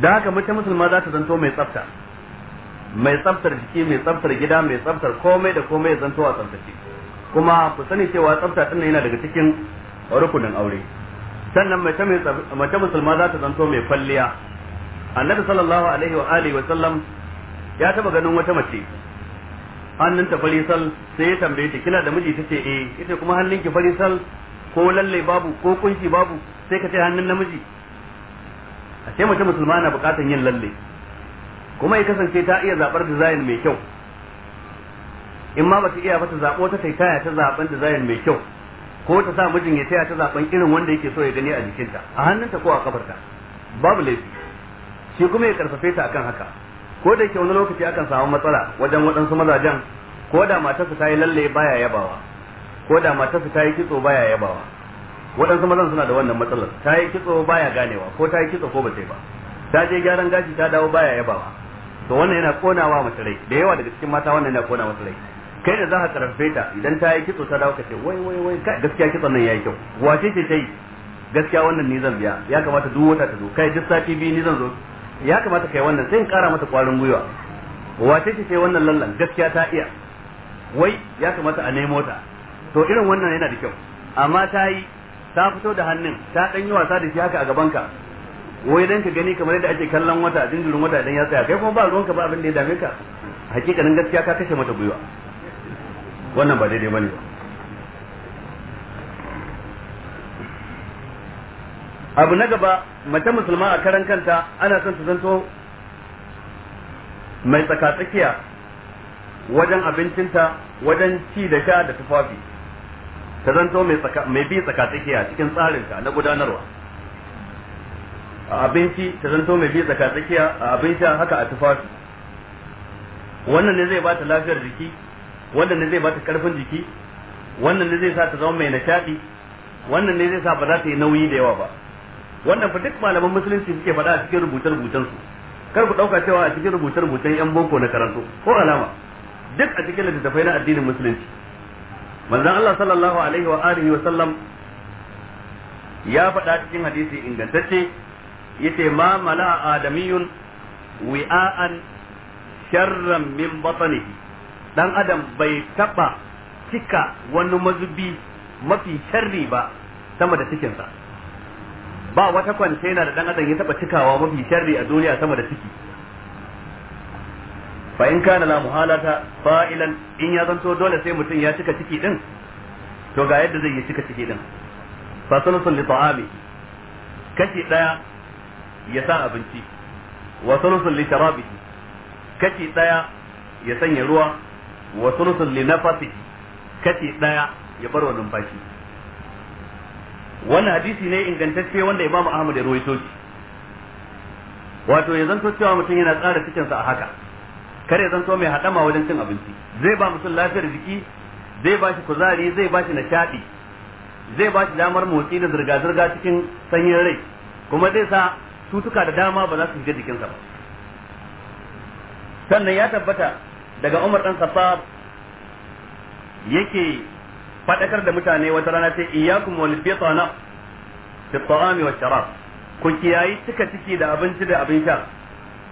da haka mace musulma za ta zanto mai tsafta mai tsaftar jiki mai tsaftar gida mai tsaftar komai da komai ya zanto a tsaftace kuma ku sani cewa tsafta din yana daga cikin rukunin aure sannan mace musulma za ta zanto mai kwalliya annabi sallallahu alaihi wa alihi wa sallam ya taba ganin wata mace hannun ta farisal sai ya tambaye ta kina da miji tace eh ita kuma hannun ki farisal ko lalle babu ko kunshi babu sai ka ce hannun namiji a ce mace musulma na bukatan yin lalle kuma ya kasance ta iya zabar design mai kyau in ma bata iya ba ta zabo ta kai kaya ta zaben design mai kyau ko ta sa mijin ya taya ta zaben irin wanda yake so ya gani a jikinta a hannunta ko a kabarta babu laifi shi kuma ya karfafe ta akan haka ko da yake wani lokaci akan samu matsala wajen waɗansu mazajen ko da matarsa ta yi lalle baya yabawa ko da matarsa ta yi kitso baya yabawa waɗansu mazan suna da wannan matsalar ta yi kitso baya ganewa ko ta yi kitso ko ba ta yi ba ta je gyaran gashi ta dawo baya yabawa to wannan yana konawa mace rai da yawa daga cikin mata wannan yana kona mace rai kai da za ka karfe ta idan ta yi kitso ta dawo ka ce wai wai wai gaskiya kitson nan yayi kyau wace ce ta yi gaskiya wannan ni zan biya ya kamata duk wata ta zo kai duk sati biyu ni zan zo ya kamata kai wannan sai in kara mata kwarin gwiwa wace ce ta wannan lallan gaskiya ta iya wai ya kamata a nemo ta to irin wannan yana da kyau amma ta yi ta fito da hannun ta dan yi wasa da shi haka a gaban ka wai dan ka gani kamar yadda ake kallon wata jinjirin wata idan ya tsaya kai kuma ba ruwanka ba abin da ya dame ka hakikanin gaskiya ka kashe mata gwiwa wannan ba daidai bane ba abu na gaba mace musulma a karan kanta ana son su zanto mai tsakatsakiya wajen abincinta wajen ci da sha da tufafi ta zanto mai bi tsakatsakiya cikin tsarinta na gudanarwa a abinci ta zanto mai bi tsakatsakiya a abin sha haka a tufafi wannan ne zai ba ta lafiyar jiki wannan ne zai bata karfin jiki wannan ne zai sa ta zama mai nishadi wannan ne zai sa ba za ta yi nauyi da yawa ba wannan fa duk malaman musulunci suke faɗa a cikin rubuce rubutan su kar ku ɗauka cewa a cikin rubuce rubutan yan boko na karanto ko alama duk a cikin littattafai na addinin musulunci manzon Allah sallallahu alaihi wa alihi wa sallam ya faɗa cikin hadisi ingantacce yace ma mala adamiyun wi'an sharran min batnihi dan adam bai taba cika wani mazubi mafi sharri ba sama da cikinsa ba wata kwantena da dan adam ya taba cikawa mafi sharri a duniya sama da ciki fa in kana la muhalata fa'ilan in ya zanto dole sai mutum ya cika ciki din to ga yadda zai yi cika ciki din fa li ta'ami kashi daya ya sa abinci wa sulusun li kashi daya ya sanya ruwa wa thuluthun li nafsihi kashi daya ya bar wa numfashi wannan hadisi ne ingantacce wanda Imam Ahmad ya rawaito shi wato ya zanto cewa mutum yana tsara cikin sa a haka kar ya zanto mai hadama wajen cin abinci zai ba mutum lafiyar jiki zai ba shi kuzari zai ba shi nishadi zai ba shi damar motsi da zirga-zirga cikin sanyin rai kuma zai sa cutuka da dama ba za su shiga jikinsa ba sannan ya tabbata daga Umar dan Khattab yake faɗakar da mutane wata rana sai iyyakum wal fitana fi ta'ami wa sharab ku kiyayi cika ciki da abinci da abin sha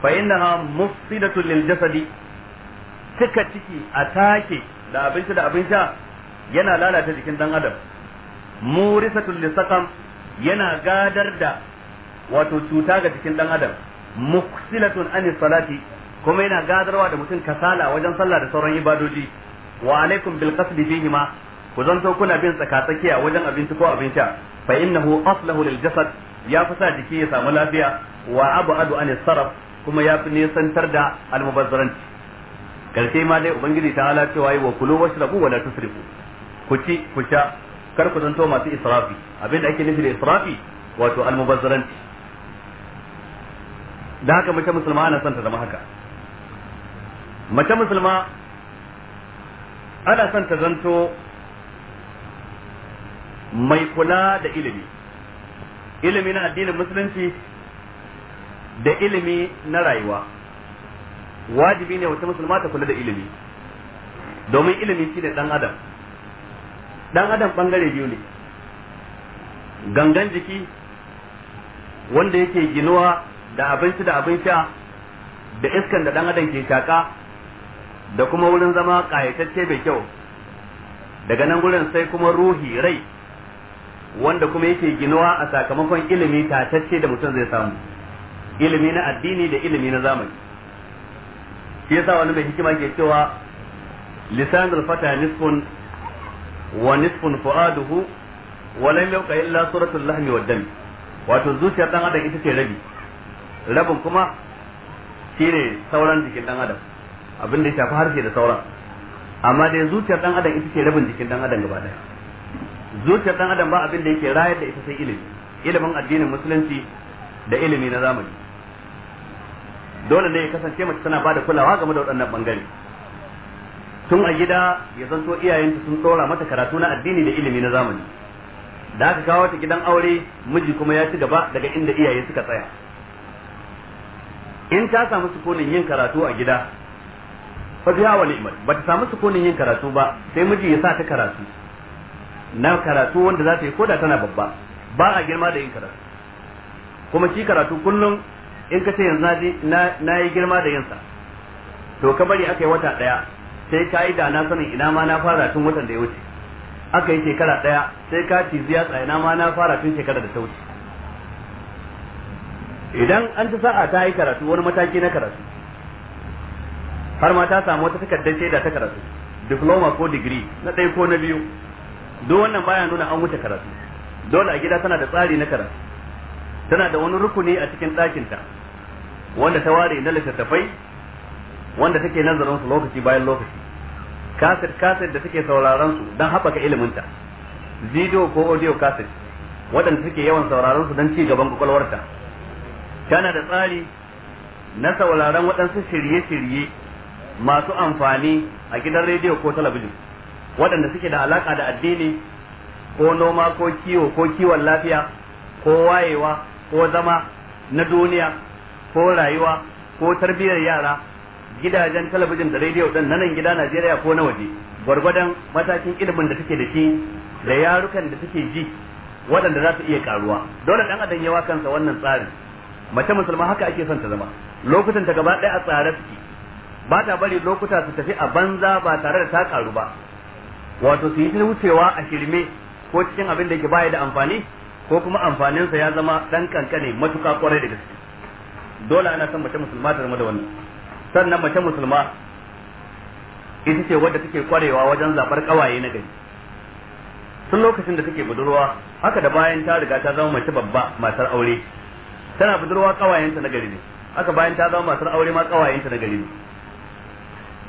fa innaha mufsidatu lil jasadi cika ciki a take da abinci da abin sha yana lalata jikin dan adam murisatul lisaqam yana gadar da wato cuta ga jikin dan adam muksilatun anis salati kuma yana gadarwa da mutum kasala wajen sallah da sauran ibadoji wa alaikum bil qasdi fihi ma ku zanto kuna bin tsakatsakiya wajen abinci ko abin sha fa innahu aslahu lil jasad ya fi sa jiki ya samu lafiya wa abadu an sarraf kuma ya fi nisantar da almubazzaranci karshe ma dai ubangiji ta ala cewa wa kulu washrabu wa la tusrifu ku ci ku sha kar ku zanto masu israfi abinda ake nufi da israfi wato almubazzaranci da haka mace musulma ana son ta zama haka mace musulma ana son ta zanto mai kula da ilimi ilimi na addinin musulunci da ilimi na rayuwa wajibi ne wata musulma ta kula da ilimi domin ilimi shine dan adam dan adam bangare biyu ne gangan jiki wanda yake ginuwa da abinci da abin sha da iskan da dan adam ke shaka da kuma wurin zama ƙayatacce mai kyau daga nan gurin sai kuma ruhi rai wanda kuma yake ginuwa a sakamakon ilimi tatacce da mutum zai samu ilimi na addini da ilimi na zamani shi yasa wani mai hikima ke cewa lisanul fata nisfun wa nisfun fu'aduhu wa lam yabqa illa suratul lahmi wad dam wato zuciyar dan adam ita ce rabi rabin kuma shine sauran jikin dan adam abin da ya shafi harshe da sauran amma dai zuciyar dan adam ita ce rabin jikin dan adam gaba daya zuciyar dan adam ba abin da yake rayar da ita sai ilimi ilimin addinin musulunci da ilimi na zamani dole ne ya kasance mace tana bada kulawa game da waɗannan bangare tun a gida ya so iyayenta sun tsora mata karatu na addini da ilimi na zamani da aka kawo ta gidan aure miji kuma ya ci gaba daga inda iyaye suka tsaya in ta samu sukunin yin karatu a gida fa biya wa ni'mat ta samu sukunin yin karatu ba sai miji ya sa ta karatu na karatu wanda za ta yi koda tana babba ba a girma da yin karatu kuma shi karatu kullum in ka ce yanzu na yi girma da yinsa to ka bari aka yi wata daya sai ka yi da na sanin ina ma na fara tun watan da ya wuce aka yi shekara daya sai ka ci ziya ina ma na fara tun shekara da ta wuce idan an ta sa'a ta yi karatu wani mataki na karatu har ma ta samu wata takardar shaida ta karatu diploma ko degree na ɗaya ko na biyu duk wannan baya nuna an wuce karatu dole a gida tana da tsari na karatu tana da wani rukuni a cikin ɗakinta wanda ta ware na littattafai wanda take nazarin su lokaci bayan lokaci kaset kaset da take sauraron su don haɓaka iliminta video ko audio kaset waɗanda suke yawan sauraron su don ci gaban kwakwalwarta tana da tsari na sauraron waɗansu shirye-shirye masu amfani a gidan rediyo ko talabijin waɗanda suke da alaka da addini ko noma ko kiwo ko kiwon lafiya ko wayewa ko zama na duniya ko rayuwa ko tarbiyyar yara gidajen talabijin da rediyo ɗin na nan gida Najeriya ko na waje gwargwadon matakin ilimin da suke da shi da yarukan da suke ji waɗanda za su iya karuwa dole ɗan adam yawa kansa wannan tsarin mace musulma haka ake son ta zama lokutan ta gaba ɗaya a tsare suke ba ta bari lokuta su tafi a banza ba tare da ta karu ba wato su yi ta wucewa a shirme ko cikin abin da ke baya da amfani ko kuma amfaninsa ya zama dan kankane matuka kwarai da gaske dole ana son mace musulma ta zama da wannan sannan mace musulma ita ce wadda take kwarewa wajen zabar kawaye na gari tun lokacin da take budurwa haka da bayan ta riga ta zama mace babba matar aure tana budurwa kawayenta na gari ne haka bayan ta zama matar aure ma kawayenta na gari ne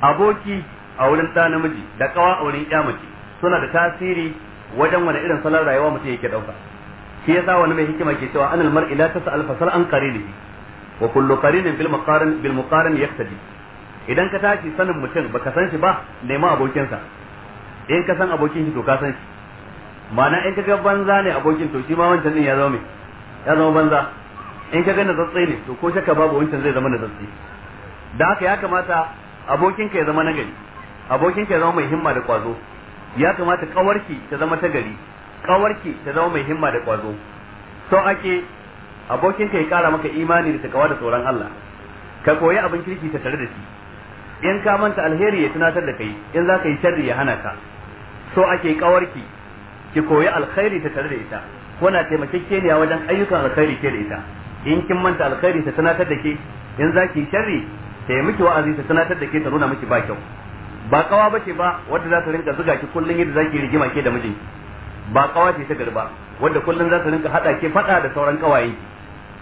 aboki a wurin ɗa namiji da kawa a wurin ƴa mace suna da tasiri wajen wani irin salon rayuwa mutum yake ɗauka shi yasa wani mai hikima ke cewa anal mar'i la tas'al fasal an qarinihi wa kullu qarinin bil muqarin bil muqarin yaqtadi idan ka tashi sanin mutum baka san shi ba nema abokinsa in ka san abokin shi to ka san shi ma'ana in ka ga banza ne abokin to shi ma wancan din ya zama ya zama banza in ka ga natsatsi ne to ko shakka babu wancan zai zama natsatsi da haka ya kamata abokinka ya zama nagari abokinka ya zama mai himma da kwazo ya kamata kawarki ta zama ta gari kawarki ta zama mai himma da kwazo so ake abokinka ya kara maka imani da takawa da tsoron Allah ka koyi abin kirki ta tare da shi in ka manta alheri ya tunatar da kai in za ka yi sharri ya hana ka so ake kawarki ki koyi alkhairi ta tare da ita kuna ne wajen ayyukan alkhairi ke da ita in kin manta alkhairi ta tunatar da ke in za ki yi sharri ta yi miki wa'azi ta sanatar da ke ta nuna miki ba kyau ba kawa ba ce ba wadda za ta rinka zuga ki kullum yadda zaki rigima ke da mijinki ba kawa ce ta gari wadda kullum za ta rinka hada ke fada da sauran ki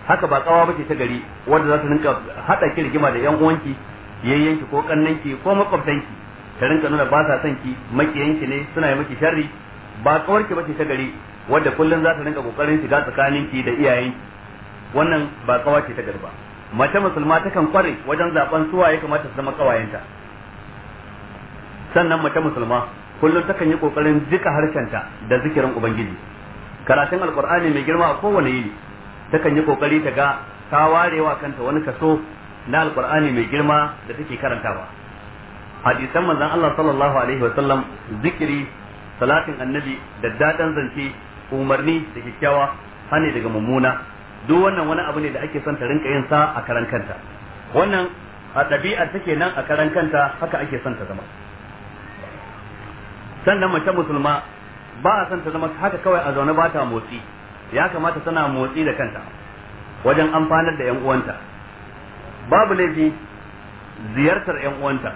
haka ba kawa ce ta gari wadda za ta rinka hada ki rigima da yan uwanki yayyanki ko ki ko makwabtanki ta rinka nuna ba sa son ki makiyanki ne suna yi miki sharri ba kawar ba ce ta gari wadda kullum za ta rinka kokarin shiga ki da iyayenki wannan ba kawa ce ta gari mace musulma ta kan kware wajen zaben suwa ya kamata su zama kawayenta sannan mace musulma kullum ta kan yi kokarin jika harshenta da zikirin ubangiji karatun alkur'ani mai girma a kowane yini ta kan yi kokari ta ga ta warewa kanta wani kaso na alkur'ani mai girma da take karantawa hadisan manzon Allah sallallahu alaihi wa sallam zikiri salatin annabi da dadan zance umarni da kyakkyawa hane daga mummuna duk wannan wani abu ne da ake son ta rinka yin sa a karan kanta wannan a ɗabi'ar take nan a karan kanta haka ake son ta zama sannan mace musulma ba a son ta zama haka kawai a zaune ba ta motsi ya kamata tana motsi da kanta wajen amfanar da 'yan uwanta babu laifi ziyartar 'yan uwanta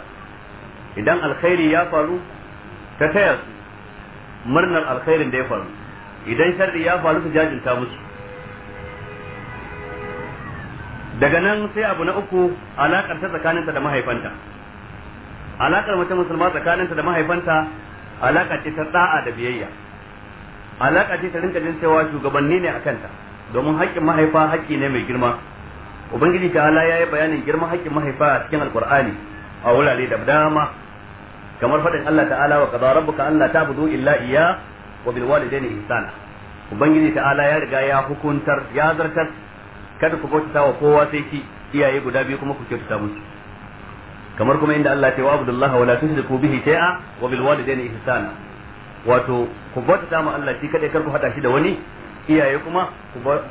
idan alkhairi ya faru ta taya murnar alkhairin da ya faru idan sharri ya faru ta jajinta musu daga nan sai abu na uku alakar ta tsakaninta da mahaifanta alakar mace musulma tsakaninta da mahaifanta alaka ce ta da'a da biyayya alaka ce ta rinka jin cewa shugabanni ne a kanta domin haƙƙin mahaifa haƙƙi ne mai girma ubangiji ta ala ya yi bayanin girman haƙƙin mahaifa a cikin alkur'ani a wurare da dama kamar faɗin Allah ta'ala wa kaza rabbuka alla ta'budu illa iya wa bil walidayni ihsana ubangiji ta'ala ya riga ya hukuntar ya zartar kada ku bauta wa kowa sai shi iyaye guda biyu kuma ku kyautata musu kamar kuma inda Allah ya ce wa abdullahi wala tushriku bihi shay'a wa bil walidayni ihsana wato ku bauta ma Allah shi kada kar ku hada shi da wani iyaye kuma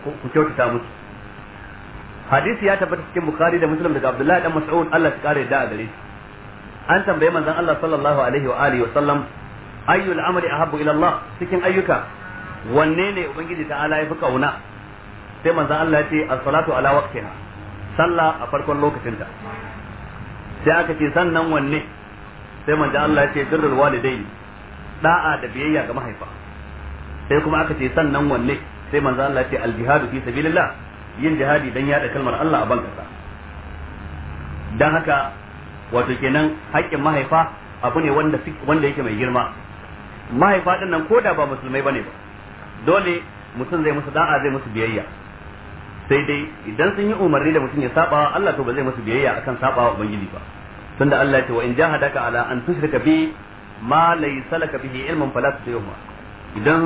ku kyautata musu hadisi ya tabbata cikin bukhari da muslim daga abdullahi dan mas'ud Allah ya kare da a gare shi an tambaye manzon Allah sallallahu alaihi wa alihi wa sallam ayyul amali ahabbu ila Allah cikin ayyuka wanne ne ubangiji ala ya fi kauna sai manzon Allah ya ce as-salatu ala waqtiha sallah a farkon lokacinta sai aka ce sannan wanne sai manzon Allah ya ce birrul walidaini da'a da biyayya ga mahaifa sai kuma aka ce sannan wanne sai manzon Allah ya ce al-jihadu fi sabilillah yin jihadi dan yada kalmar Allah a bankasa dan haka wato kenan haƙƙin mahaifa abu ne wanda wanda yake mai girma mahaifa din nan koda ba musulmai bane ba dole mutum zai musu da'a zai musu biyayya sai dai idan sun yi umarni da mutum ya saba Allah to ba zai masa biyayya akan saba wa ubangiji ba tunda Allah ya ce wa in jahadaka ala an tushrika bi ma laysa laka bihi ilmun fala tusyuhuma idan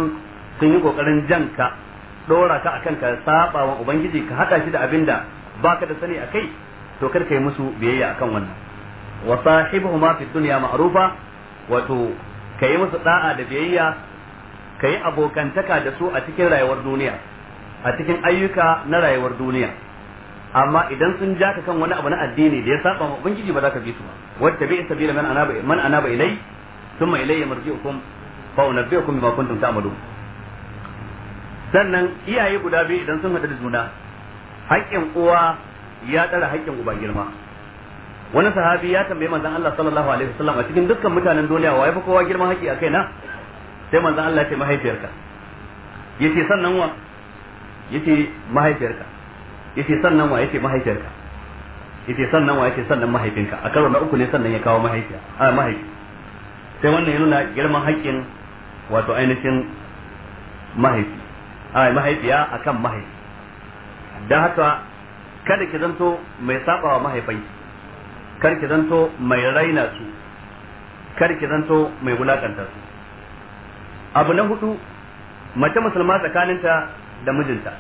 sun yi kokarin janka dora ka akan ka saba wa ubangiji ka hada shi da abinda baka da sani akai to kar kai musu biyayya akan wannan wa sahibuhuma fi dunya ma'rufa wato kai musu da'a da biyayya kai abokantaka da su a cikin rayuwar duniya a cikin ayyuka na rayuwar duniya amma idan sun ja ka kan wani abu na addini da ya saba ma ubangiji ba za ka bi su ba wata bi sabila man anaba man anaba ilai thumma ilayya marji'ukum fa unabbi'ukum bima kuntum ta'malun sannan iyaye guda biyu idan sun hadu da juna haƙƙin uwa ya tsara haƙƙin uba girma wani sahabi ya tambaye manzon Allah sallallahu alaihi wasallam a cikin dukkan mutanen duniya waye fa kowa girman haƙƙi a kaina sai manzon Allah ya ce mahaifiyarka yace sannan wa yace mahaifiyarka yace sannan wa yace mahaifiyarka yace sannan wa yace sannan mahaifinka a karo na uku ne sannan ya kawo mahaifiya a mahaifi sai wannan ya nuna girman haƙƙin wato ainihin mahaifi a mahaifiya akan mahaifi dan haka kada ki zanto mai sabawa mahaifai kar ki zanto mai raina su kar ki zanto mai wulakanta su abu na hudu mace musulma tsakaninta da mijinta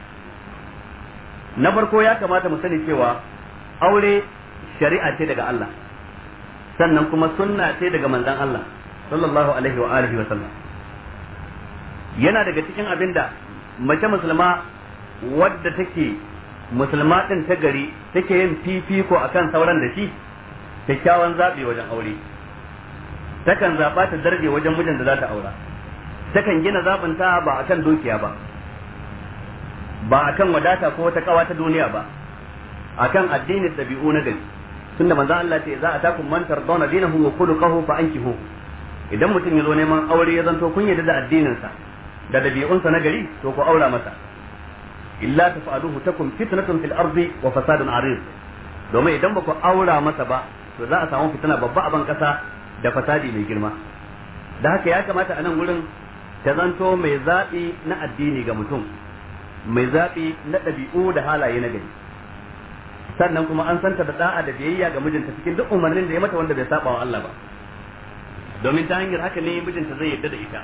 na farko ya kamata mu sani cewa aure shari'a ce daga Allah sannan kuma sunna ce daga manzon Allah sallallahu alaihi wa alihi wa sallam yana daga cikin abinda mace musulma wadda take musulma din ta gari take yin fifiko akan sauran da shi kyakkyawan zaɓi wajen aure takan zaɓa ta darje wajen mijin da za ta aura takan gina ta ba akan dukiya ba ba akan wadata ko wata kawa ta duniya ba akan addinin dabi'u na gari tunda manzo Allah ce za a taku man tardona dinahu wa khuluquhu fa ankihu idan mutum ya zo neman aure ya zanto kun yadda da addinin sa da dabi'unsa na gari to ku aura masa illa tafa'aluhu takum fitnatun fil ardi wa fasadun arid domin idan ba ku aura masa ba to za a samu fitina babba a ban kasa da fasadi mai girma da haka ya kamata a nan wurin ta zanto mai zaɓi na addini ga mutum mai zaɓi na ɗabi'u da halaye na gari sannan kuma an santa da da'a da biyayya ga mijinta cikin duk umarnin da ya mata wanda bai saba wa Allah ba domin ta hanyar haka ne mijinta zai yarda da ita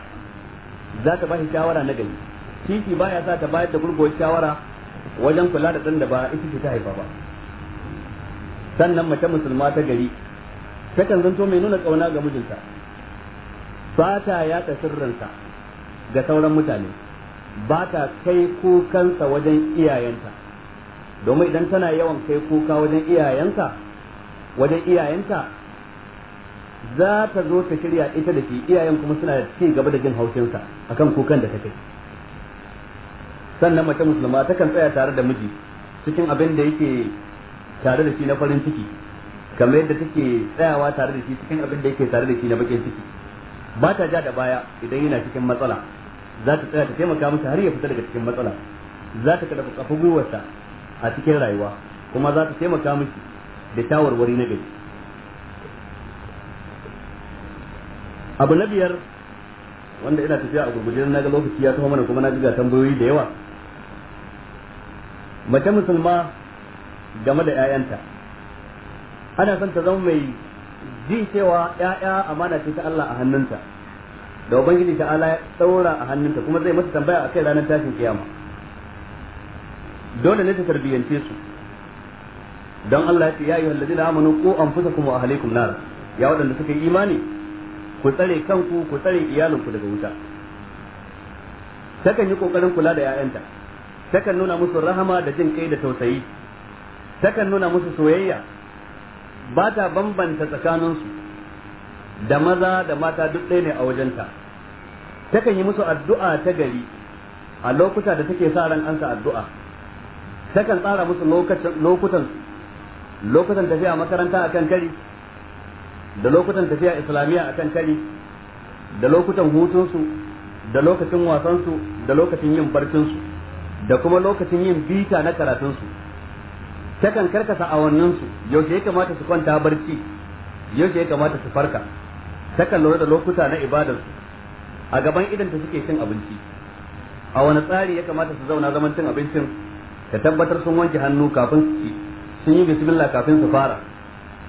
za ta ba shi shawara na gari kifi baya sa ta bayar da gurguwar shawara wajen kula da ɗan da ba ita ce ta haifa ba sannan mace musulma ta gari takan zanto mai nuna ƙauna ga mijinta fata ya ta sirrinsa ga sauran mutane ba ta kai kukansa wajen iyayenta domin idan tana yawan kai kuka wajen iyayenta wajen iyayenta za ta zo ta shirya ita da shi iyayen kuma suna ci gaba da jin haushinsa akan kukan da ta kai sannan mace musulma ta kan tsaya tare da miji cikin abin da yake tare da shi na farin ciki kamar yadda take tsayawa tare da shi cikin abin da yake tare da shi na bakin ciki ba ta ja da baya idan yana cikin matsala za ta tsaya ta taimaka masa har ya fita daga cikin matsala za ta kada kafa gwiwarsa a cikin rayuwa kuma za ta taimaka miki da shawarwari na gari abu na biyar wanda ina tafiya a gurguje na ga lokaci ya taho mana kuma na ga tambayoyi da yawa mace musulma game da 'ya'yanta ana son ta zama mai jin cewa 'ya'ya amana ce ta Allah a hannunta da ubangiji ta ala ya tsaura a hannunta kuma zai masa tambaya a kai ranar tashin kiyama dole ne ta tarbiyyance su don Allah ya ce ya yi ayyuhal da amanu fusa kuma a ahlikum nar ya waɗanda suka yi imani ku tsare kanku ku tsare iyalinku daga wuta takan yi kokarin kula da 'ya'yanta takan nuna musu rahama da jin kai da tausayi takan nuna musu soyayya ba ta bambanta tsakaninsu da maza da mata duk ɗaya ne a wajenta takan yi musu addu'a ta gari a lokuta da take sa ran ansa addu'a takan tsara musu lokutan lokutan tafiya makaranta a kan kari da lokutan tafiya islamiyya a kan kari da lokutan hutunsu da lokacin wasansu da lokacin yin barcinsu da kuma lokacin yin bita na karatunsu takan karkasa awanninsu yaushe ya kamata su kwanta barci yaushe ya kamata su farka takan lura da lokuta na ibadar a gaban idan ta suke cin abinci a wani tsari ya kamata su zauna zaman cin abincin ta tabbatar sun wanke hannu kafin su ci sun yi bismillah kafin su fara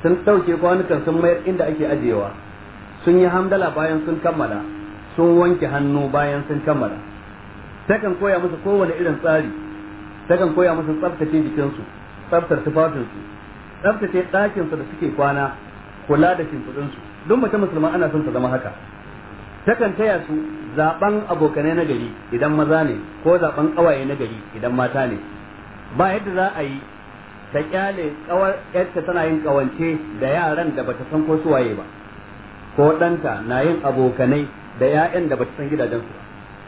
sun ɗauke kwanukan sun mayar inda ake ajiyewa sun yi hamdala bayan sun kammala sun wanke hannu bayan sun kammala takan koya musu kowane irin tsari takan koya musu tsaftace jikinsu tsaftar tufafinsu tsaftace ɗakinsu da suke kwana kula da shimfiɗin su duk mace musulma ana son ta zama haka takan taya su zaben abokanai na gari idan maza ne ko zaben ƙawaye na gari idan mata ne ba yadda za a yi ta kyale kawar yarta tana yin kawance da yaran da bata san ko su waye ba ko ɗanta na yin abokanai da 'ya'yan da bata san gidajensu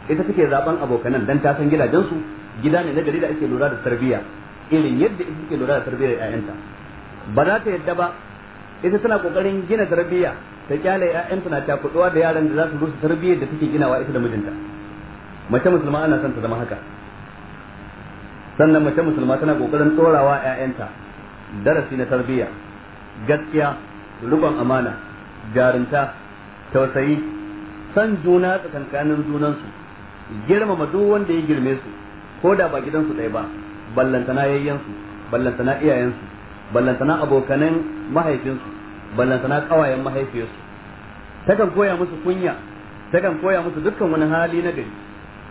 su ita take zaben abokanan dan ta san gidajensu gida ne na gari da ake lura da tarbiyya irin yadda ita take lura da tarbiyyar 'ya'yanta ba za ta yadda ba ita tana kokarin gina tarbiyya ta kyale ƴaƴanta ta takuduwa da yaran da za su rusa tarbiyyar da take ginawa ita da mijinta mace musulma ana son ta zama haka sannan mace musulma tana kokarin tsorawa ƴaƴanta darasi na tarbiyya gaskiya rubon amana jarinta tausayi san juna tsakankanin junansu girmama duk wanda ya girme su ko da ba gidansu ɗaya ba ballantana yayyansu ballantana iyayensu ballantana abokanan mahaifinsu ballantana kawayen mahaifiyarsu takan koya musu kunya takan koya musu dukkan wani hali na gari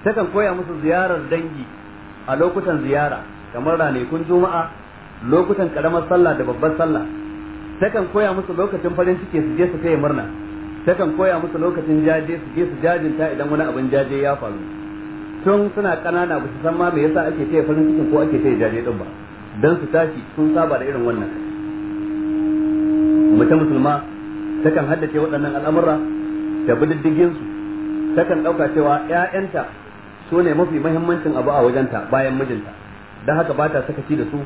takan koya musu ziyarar dangi a lokutan ziyara kamar ranakun juma'a lokutan karamar sallah da babbar sallah takan koya musu lokacin farin ciki su je su kai murna takan koya musu lokacin jaje su je su jajinta idan wani abin jaje ya faru tun suna kanana ba su san ma me yasa ake taya farin cikin ko ake taya jaje din ba dan su tashi sun saba da irin wannan mace musulma takan haddace waɗannan al'amura ta bi diddigin su takan ɗauka cewa ƴaƴanta su ne mafi mahimmancin abu a wajenta bayan mijinta don haka ba ta sakaci da su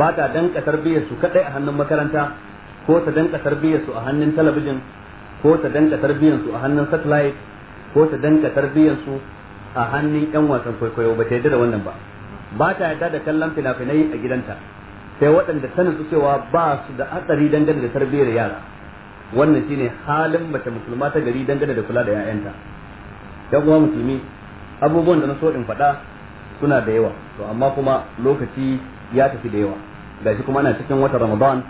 ba ta danka tarbiyyar su kadai a hannun makaranta ko ta danka tarbiyyar su a hannun talabijin ko ta danka tarbiyyar su a hannun satellite ko ta danka tarbiyyar su a hannun yan wasan kwaikwayo ba ta yadda da wannan ba ba ta yarda da kallon fina-finai a gidanta sai waɗanda sanin su cewa ba su da hatsari dangane da tarbiyyar yara wannan shine halin mace musulma ta gari dangane da kula da 'ya'yanta ya uwa musulmi abubuwan da na so in faɗa suna da yawa to amma kuma lokaci ya tafi da yawa gashi kuma ana cikin watan ramadan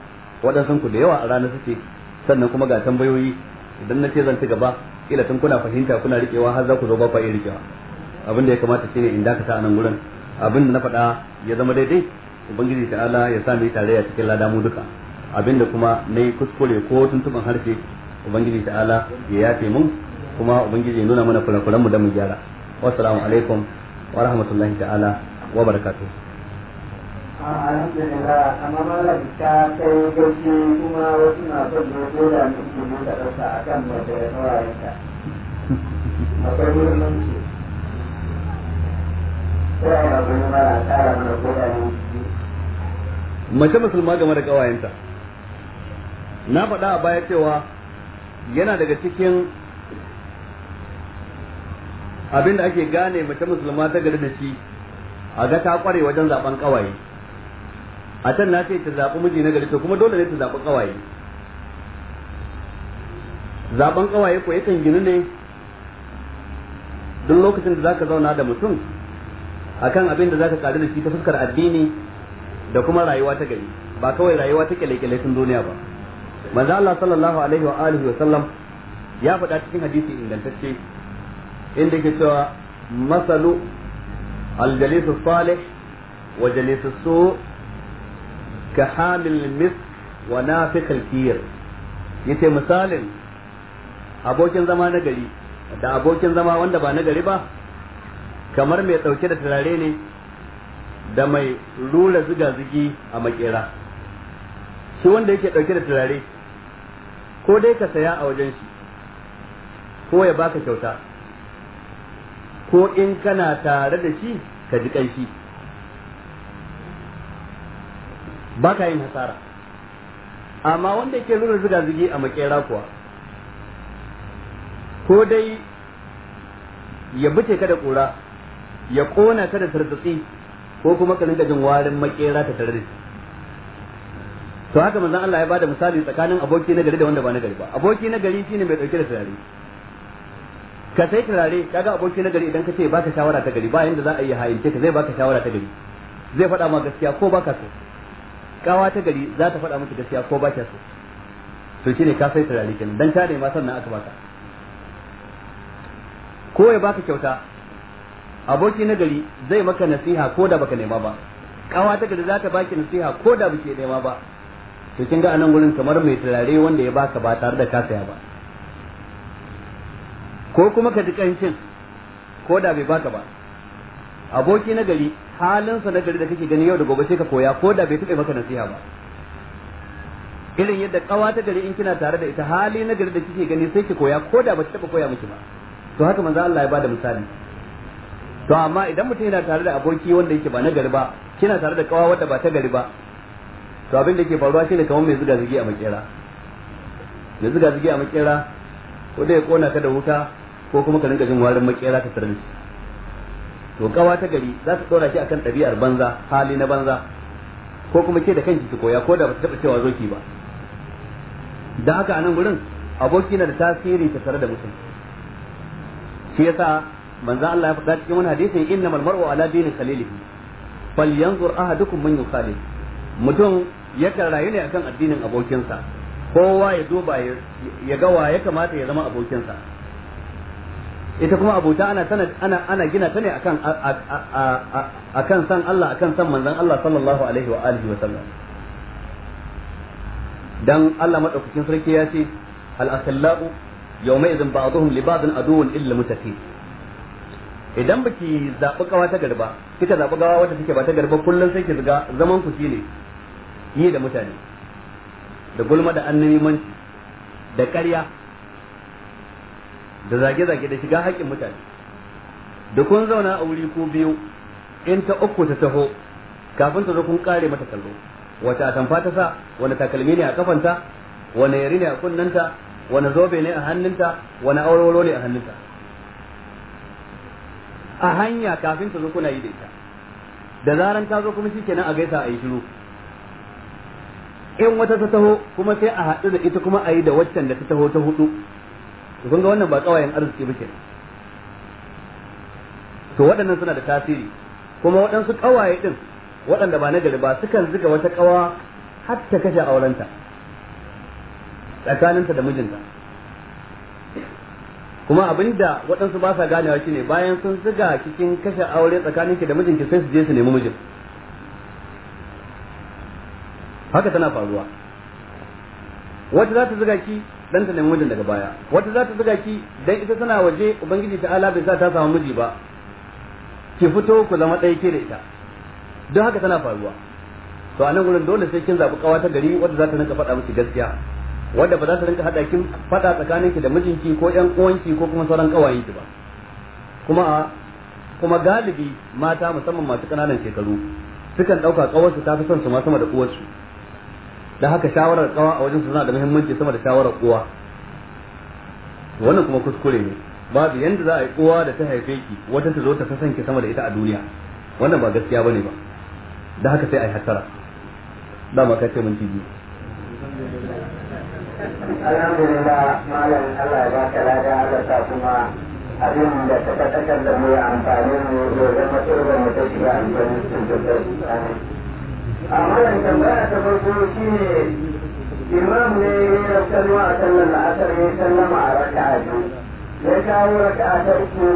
waɗansu ku da yawa a ranar suke sannan kuma ga tambayoyi idan na ce zan ci gaba kila tun kuna fahimta kuna riƙewa har za ku zo ba riƙewa abin da ya kamata shine in dakata a nan gurin abin da na faɗa ya zama daidai ubangiji ta'ala ya sa tare a cikin lada mu duka abinda kuma na yi kuskure ko tuntuban harshe ubangiji ta'ala ya yafe mun kuma ubangiji ya nuna mana kurakuran mu da mu gyara wassalamu alaikum wa rahmatullahi ta'ala wa barakatuh alhamdulillah amma malam ta kai gaske kuma wasu na son dogo da mutum da ɗauka akan kan da saurayinta akwai muhimmanci mace musulma game da kawayenta na faɗa a baya cewa yana daga cikin abinda ake gane mace musulma ta gari da shi a ga ta kware wajen zaben kawaye a can na ce ta zaɓi miji na gari to kuma dole ne ta zaɓi kawaye zaben kawaye ko yakan gini ne duk lokacin da zaka zauna da mutum akan abin da zaka karu da shi ta fuskar addini da kuma rayuwa ta gari ba kawai rayuwa ta kyalekyale sun duniya ba manzo Allah sallallahu alaihi wa alihi wa sallam ya faɗa cikin hadisi ingantacce inda yake cewa masalu su ka hamil mis wa nafiq al-kir yace misalin abokin zama na gari da abokin zama wanda ba na gari ba kamar mai ɗauke da turare ne da mai rura ziga zugi a makera shi wanda yake ɗauke da turare ko dai ka saya a wajen shi ko ya baka kyauta ko in kana tare da shi ka ji ƙanshi ba ka yin hasara amma wanda yake rura ziga zugi a makera kuwa ko dai ya buce ka da ƙura ya kona ka da tartsatsi ko kuma ka rinka jin warin makera ta tare da shi to haka manzon Allah ya bada misali tsakanin aboki na gari da wanda ba na gari ba aboki na gari shine mai dauke da turare ka sai turare kaga aboki na gari idan ka ce baka shawara ta gari ba yanda za a yi hayince ka zai baka shawara ta gari zai faɗa ma gaskiya ko baka so kawa ta gari za ta faɗa maka gaskiya ko baka so to shine ka sai turare kenan dan ta ne ma sannan aka baka ko ya baka kyauta aboki na gari zai maka nasiha ko da baka nema ba kawa ta gari zaka baki nasiha ko da baki nema ba to kin ga anan gurin kamar mai turare wanda ya baka ba tare da ka saya ba ko kuma ka ji kancin ko da bai baka ba aboki na gari halinsa na gari da kake gani yau da gobe sai ka koya ko da bai taɓa maka nasiha ba irin yadda kawa ta gari in kina tare da ita hali na gari da kike gani sai ki koya ko da ba ki taɓa koya miki ba to haka manzo Allah ya bada misali to amma idan mutum yana tare da aboki wanda yake ba na gari ba kina tare da kawa wadda ba ta gari ba to abin da ke faruwa shine kamar mai zuga zugi a makera mai zuga zugi a makera ko da ya kona ka da wuta ko kuma ka rinka jin warin makera ka tarin to kawa ta gari za ta dora shi akan ɗabi'ar banza hali na banza ko kuma ke da kanki ki koya ko da ba ta taɓa cewa zoki ba da haka a nan gurin aboki na da tasiri ta tare da mutum shi yasa manzo Allah ya faɗa cikin wani hadisin innamal mar'u ala dini khalilihi falyanzur ahadukum man yukhalil mutum yakan rayu ne akan addinin abokinsa kowa ya duba ya ga wa ya kamata ya zama abokinsa ita kuma abota ana ana ana gina ta ne akan akan san Allah akan san manzon Allah sallallahu alaihi wa alihi wa sallam dan Allah madaukakin sarki ya ce al-akhillau yawma idhin ba'dhum li ba'dhin aduwwun illa mutaqin idan baki zaɓi ƙawa ta garba kika zaɓi ƙawa wata take ba ta garba kullum sai ki zaga zaman ku shine yi da mutane da gulma da annabi annabimanci da ƙarya da zage-zage da shiga haƙƙin mutane da kun zauna a wuri ko biyu in ta uku ta taho kafin ta zo kun ƙare mata kallo wata atamfa ta sa wani takalmi ne a kafanta wani yari ne a kunnanta wani zobe ne a hannunta wani aurolo ne a hannunta a hanya kafin ta zo kuna yi da ita da zaran ta zo kuma shikenan a gaisa a yi shiru in wata ta taho kuma sai a haɗu da ita kuma a yi da waccan da ta taho ta hudu kun ga wannan ba kawayen arziki ba kenan to waɗannan suna da tasiri kuma waɗansu ƙawaye ɗin waɗanda ba na gari ba sukan zuga wata kawa har ta kashe aurenta tsakaninta da mijinta kuma da waɗansu ba sa ganewa shine bayan sun ziga cikin kashe aure tsakaninki da mijinki sai su je su nemi mijin haka tana faruwa wata za ta ziga ki dan ta nemi mijin daga baya wata za ta ziga ki dan ita tana waje ubangiji ta ala bai sa ta samu miji ba ki fito ku zama ɗaya ke da ita don haka tana faruwa to a nan wurin dole sai kin zaɓi ƙawata gari wadda za ta rinka faɗa miki gaskiya wanda ba za ta rinka hada kin fada ki da mijinki ko ƴan uwanki ko kuma sauran ki ba kuma kuma galibi mata musamman masu kananan shekaru sukan dauka kawarsu ta fi son su ma sama da uwarsu da haka shawarar kawa a wajen su suna da muhimmanci sama da shawarar uwa wannan kuma kuskure ne babu yanda za a yi uwa da ta haife ki wata ta zo ta san ki sama da ita a duniya wannan ba gaskiya bane ba da haka sai a yi hasara dama ka ce mun biyu alhamdulillah malam Allah ya baka lada Allah sa kuma abin da ta fatakar da mu amfani mu ya zama mu ta shiga amfani sun dukkan amma da tambaya ta farko shine imam ne ya rafsarwa a sallar la'asar ya sallama a raka'a biyu ya kawo raka'a ta uku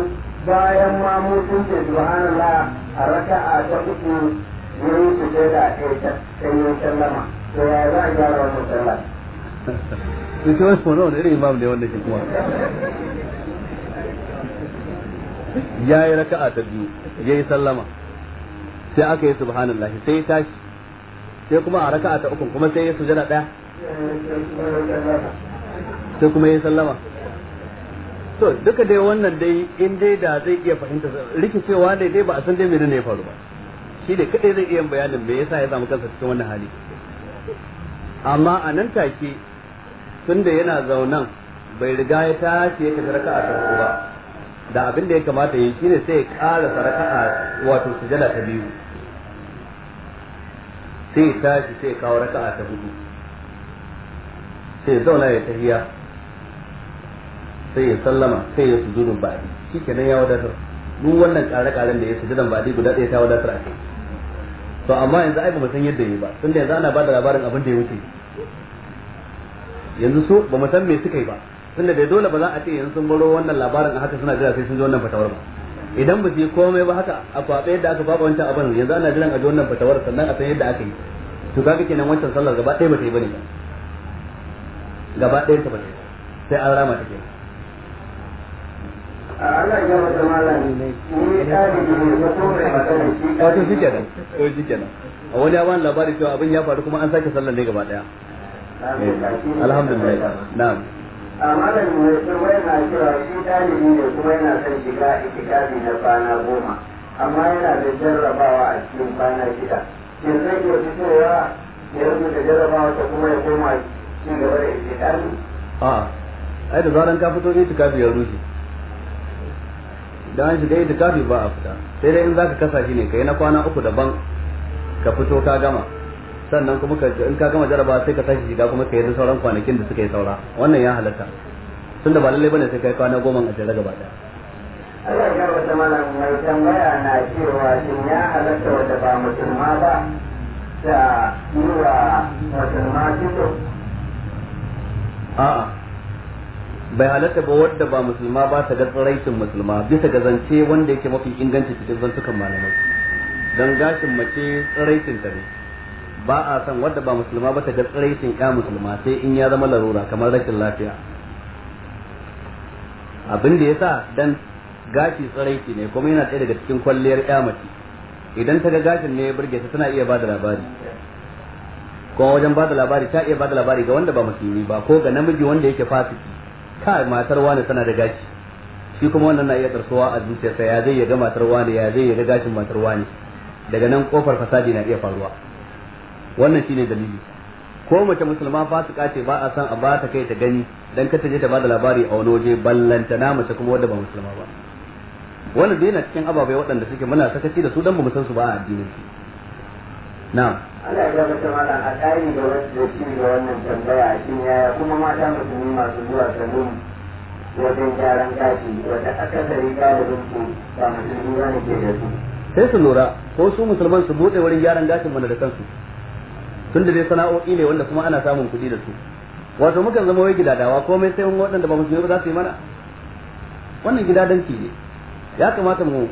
bayan ma mutum ce subhanallah a raka'a ta uku ya yi su da ta yi sallama to ya za a gyara wannan sallah wani wani imam ne wanda ke kuma ya yi a ta biyu ya yi sallama sai aka yi subhanallah sai ya tashi sai kuma a a ta uku kuma sai ya sujada daya sai kuma ya yi sallama to duka dai wannan dai in dai da zai iya fahimta rikicewa dai dai ba a san dai menene ya faru ba shi da kadai zai iya bayanin me yasa ya samu kansa cikin wannan hali amma a nan take tunda yana zaunan bai riga ya tashi ya tafi raka'a ta farko ba da abin da ya kamata yi shine sai ya ƙara a wato sujada ta biyu sai ya tashi sai ya kawo raka'a ta hudu sai ya zauna ya tahiya sai ya sallama sai ya sujudun ba'di nan ya wadatar duk wannan ƙare-ƙaren da ya sujudan baɗi guda ɗaya ta wadatar a kai to amma yanzu ai ba mu san yadda yi ba tunda yanzu ana ba da labarin abin da ya wuce yanzu su ba mu san me suka yi ba tunda da dole ba za a ce yanzu sun baro wannan labarin a haka suna jira sai sun ji wannan fatawar ba idan ba su yi komai ba haka a kwaɓe yadda aka kwaɓa wancan abin yanzu ana jiran a ji wannan fatawar sannan a san yadda aka yi to kaga kenan wancan sallar gaba ɗaya ba ta yi bane gaba ɗaya ta ba ta yi sai an rama ta ke wato shi kenan a wani ya bani labari cewa abin ya faru kuma an sake sallar ne gaba daya alhamdulillah na'am amma da mutum wai na cewa shi dalibi ne kuma yana son shiga itikafi na kwana goma amma yana da jarrabawa a cikin kwana shida shin zai iya fitowa ya da jarrabawa ta kuma ya koma ci gaba da itikafi a'a ai da zaran ka fito itikafi ya rushe da an shiga itikafi ba a fita sai dai in zaka kasa shi ne kai na kwana uku daban ka fito ka gama sannan kuma ka in ka gama jaraba sai ka tashi shiga kuma ka yi sauran kwanakin da suka yi saura wannan ya halatta tun da ba lallai bane sai kai kwana goma a jere gaba daya Allah ya wata mana mai tambaya na cewa shin ya halatta wanda ba musulma ba da yi wa musulma kito a'a bai halatta ba wadda ba musulma ba ta ga tsiraicin musulma bisa ga zance wanda yake mafi inganci cikin zantukan malamai don gashin mace tsiraicin ta ne ba a san wadda ba musulma ba ta ga tsiraitin ya musulma sai in ya zama larura kamar rashin lafiya abin da ya sa dan gashi tsiraiti ne kuma yana ɗaya daga cikin kwalliyar ya mace idan ta ga gashin ne ya burge ta tana iya ba da labari kuma wajen bada labari ta iya ba labari ga wanda ba musulmi ba ko ga namiji wanda yake fasiki ka matar wani tana da gashi shi kuma wannan na iya tsarsuwa a zuciyarsa ya zai ya matar wani ya zai ya ga gashin matar wani daga nan kofar fasadi na iya faruwa wannan shine dalili ko mace musulma fasika ce ba a san a ba ta kai ta gani dan ka je ta ba da labari a wani waje ballanta na mace kuma wanda ba musulma ba wannan dai yana cikin ababai waɗanda suke muna sakaci da su dan ba mu san su ba a addinin su na'am ana ga mata mala a tsari da wasu shi ga wannan tambaya shi ya kuma mata musulmi masu zuwa salon wajen gyaran gashi wata akasari da su ba musulmi ba ne ke da su sai su lura ko su musulman su bude wurin gyaran gashin mana da kansu tun da dai sana'o'i ne wanda kuma ana samun kuɗi da su wato mukan zama wai gidadawa komai sai waɗanda ba musulmi ba za su yi mana wannan gidadanci ne ya kamata mu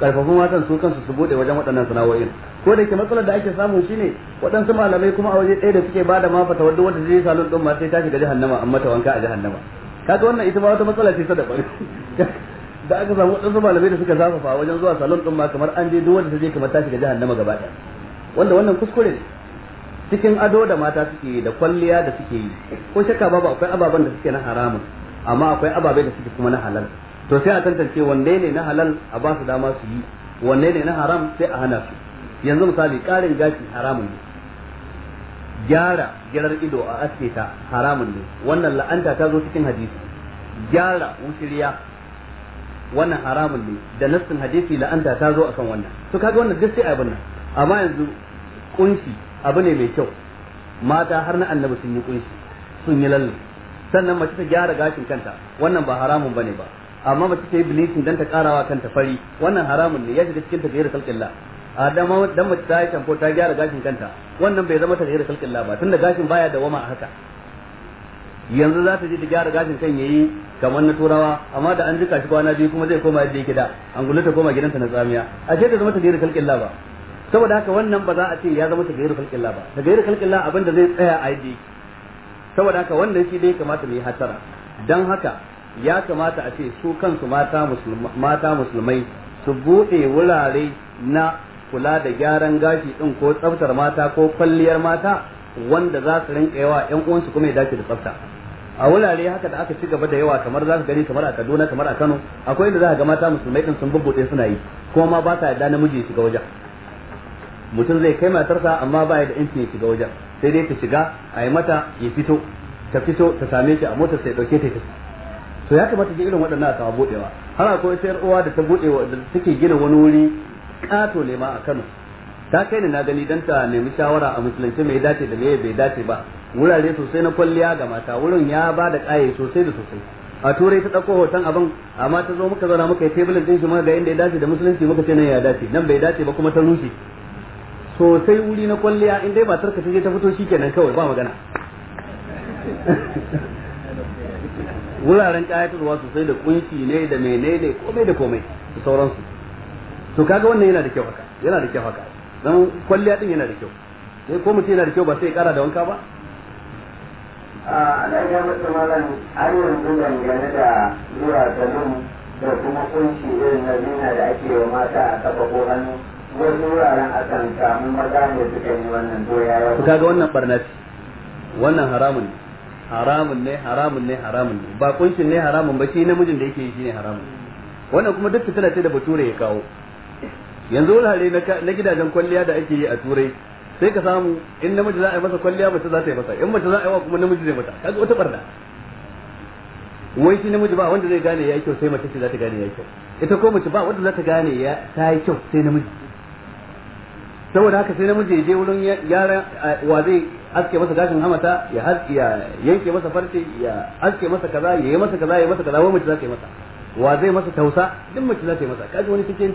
karfafin matan su kansu su bude wajen waɗannan sana'o'in ko da ke matsalar da ake samu shine waɗansu malamai kuma a waje ɗaya da suke bada ma fata wanda wanda zai salon ɗin ma sai tashi ga jahannama amma ta wanka a jahannama kaga wannan ita ma wata matsala ce ta daban da aka samu waɗansu malamai da suka zafafa wajen zuwa salon ɗin ma kamar an je duk wanda ta je kamar tashi ga jahannama gaba ɗaya wanda wannan kuskure ne cikin ado da mata suke yi da kwalliya da suke yi ko shakka babu akwai ababen da suke na haramun amma akwai ababe da suke kuma na halal to sai a tantance wanne ne na halal a ba su dama su yi wanne ne na haram sai a hana su yanzu misali karin gashi haramun ne gyara gyarar ido a aske ta haramun ne wannan la'anta ta zo cikin hadisi gyara wushiriya wannan haramun ne da nassin hadisi la'anta ta zo akan wannan to kaga wannan duk sai a nan amma yanzu kunshi abu ne mai kyau mata har na annabi sun yi kunshi sun yi lalle sannan mace ta gyara gashin kanta wannan ba haramun bane ba amma mace ta yi bilishin dan ta karawa kanta fari wannan haramun ne ya shiga cikin ta gairar kalkilla a dama dan mace ta yi shampoo ta gyara gashin kanta wannan bai zama ta gairar kalkilla ba tunda gashin baya da wama a haka yanzu za ta je ta gyara gashin kan yayi kamar na turawa amma da an jika shi kwana biyu kuma zai koma yadda yake da angulu ta koma gidanta na tsamiya ashe ta zama ta gairar kalkilla ba saboda haka wannan ba za a ce ya zama ta gairu kalkilla ba ta gairu kalkilla abin da zai tsaya a yadda saboda haka wannan shi dai kamata mu hatara don haka ya kamata a ce su kansu mata mata musulmai su buɗe wurare na kula da gyaran gashi din ko tsaftar mata ko kwalliyar mata wanda za su rinka yawa yan uwansu kuma ya dace da tsafta a wurare haka da aka ci gaba da yawa kamar za su gani kamar a Kaduna kamar a Kano akwai inda za ka ga mata musulmai din sun bubbuɗe suna yi kuma ma ba sa yarda namiji ya shiga wajen mutum zai kai matarsa amma ba ya da yancin ya shiga wajen sai dai ta shiga a yi mata ya fito ta fito ta same shi a motar sai dauke ta fito to ya kamata ji irin waɗannan a buɗewa buɗewa har akwai sayar uwa da ta buɗewa da take gina wani wuri kato ne ma a Kano ta kai ni na gani dan ta nemi shawara a musulunci mai dace da me bai dace ba wurare sosai na kwalliya ga mata wurin ya ba da ƙaye sosai da sosai a turai ta ɗauko hoton abin amma ta zo muka zauna muka yi tebulin ɗin shi ga inda ya dace da musulunci muka ce nan ya dace nan bai dace ba kuma ta rushe sosai wuri na kwalliya inda dai matar ka je ta fito shikenan kawai ba magana wuraren kayatarwa sosai da kunshi ne da menene komai da komai da sauransu to kaga wannan yana da kyau haka yana da kyau haka dan kwalliya din yana da kyau sai eh, ko mutum yana da kyau ba sai ya kara da wanka ba ana ya masa malam an yanzu da zuwa salon da kuma kunshi irin na zina da ake mata a kafa ko hannu wasu wuraren akan samu maza ne suka yi wannan doya ya ku kaga wannan barnati wannan haramun ne haramun ne haramun ne haramun ne ba kunshin ne haramun ba shi namijin da yake yi shine haramun wannan kuma duk fitila ce da bature ya kawo yanzu wurare na gidajen kwalliya da ake yi a turai sai ka samu in namiji za a yi masa kwalliya mace za ta yi masa in mace za a yi wa kuma namiji zai mata kaga wata barna wai shi namiji ba wanda zai gane ya yi kyau sai mace ce za ta gane ya yi kyau ita ko mace ba wanda za ta gane ya ta yi kyau sai namiji saboda haka sai namiji ya je wurin yara wa zai aske masa gashin hamata ya ya yanke masa farce ya aske masa kaza ya yi masa kaza ya yi masa kaza wai mace za ta yi masa wa zai masa tausa duk mace za ta yi masa kaji wani cikin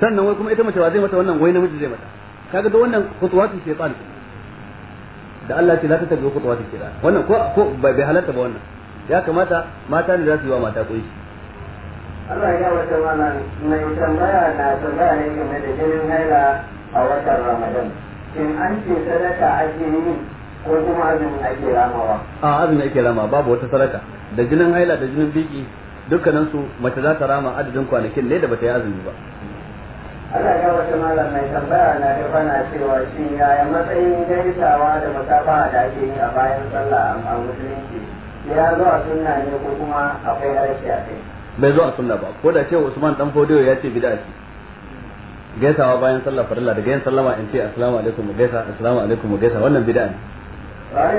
sannan wai kuma ita mace wa zai mata wannan wai namiji zai mata kaga da wannan ce shaytan da Allah ce za ta tabi khutuwatu shaytan wannan ko ko bai halatta ba wannan ya kamata mata ne za su yi wa mata koyi Allah ya wata mana mai tambaya na tambaya ne game da jinin haila a watan Ramadan. Shin an ce sadaka ake yi ko kuma azumi ake ramawa? A azumin ake rama babu wata sadaka da jinin haila da jinin biki dukkanin su mace za ta rama adadin kwanakin ne da bata yi azumi ba. Allah ya wata malam mai tambaya na da bana cewa shi ya yi matsayin gaisawa da musafaha da ake yi a bayan sallah a musulunci ya zuwa a sunna ne ko kuma akwai harshe a kai. bai zo a sunna ba ko da cewa Usman dan Fodiyo ya ce bid'a ce gaisawa bayan sallah farilla da yin sallama in ce assalamu alaikum mu gaisa assalamu alaikum mu gaisa wannan bid'a ne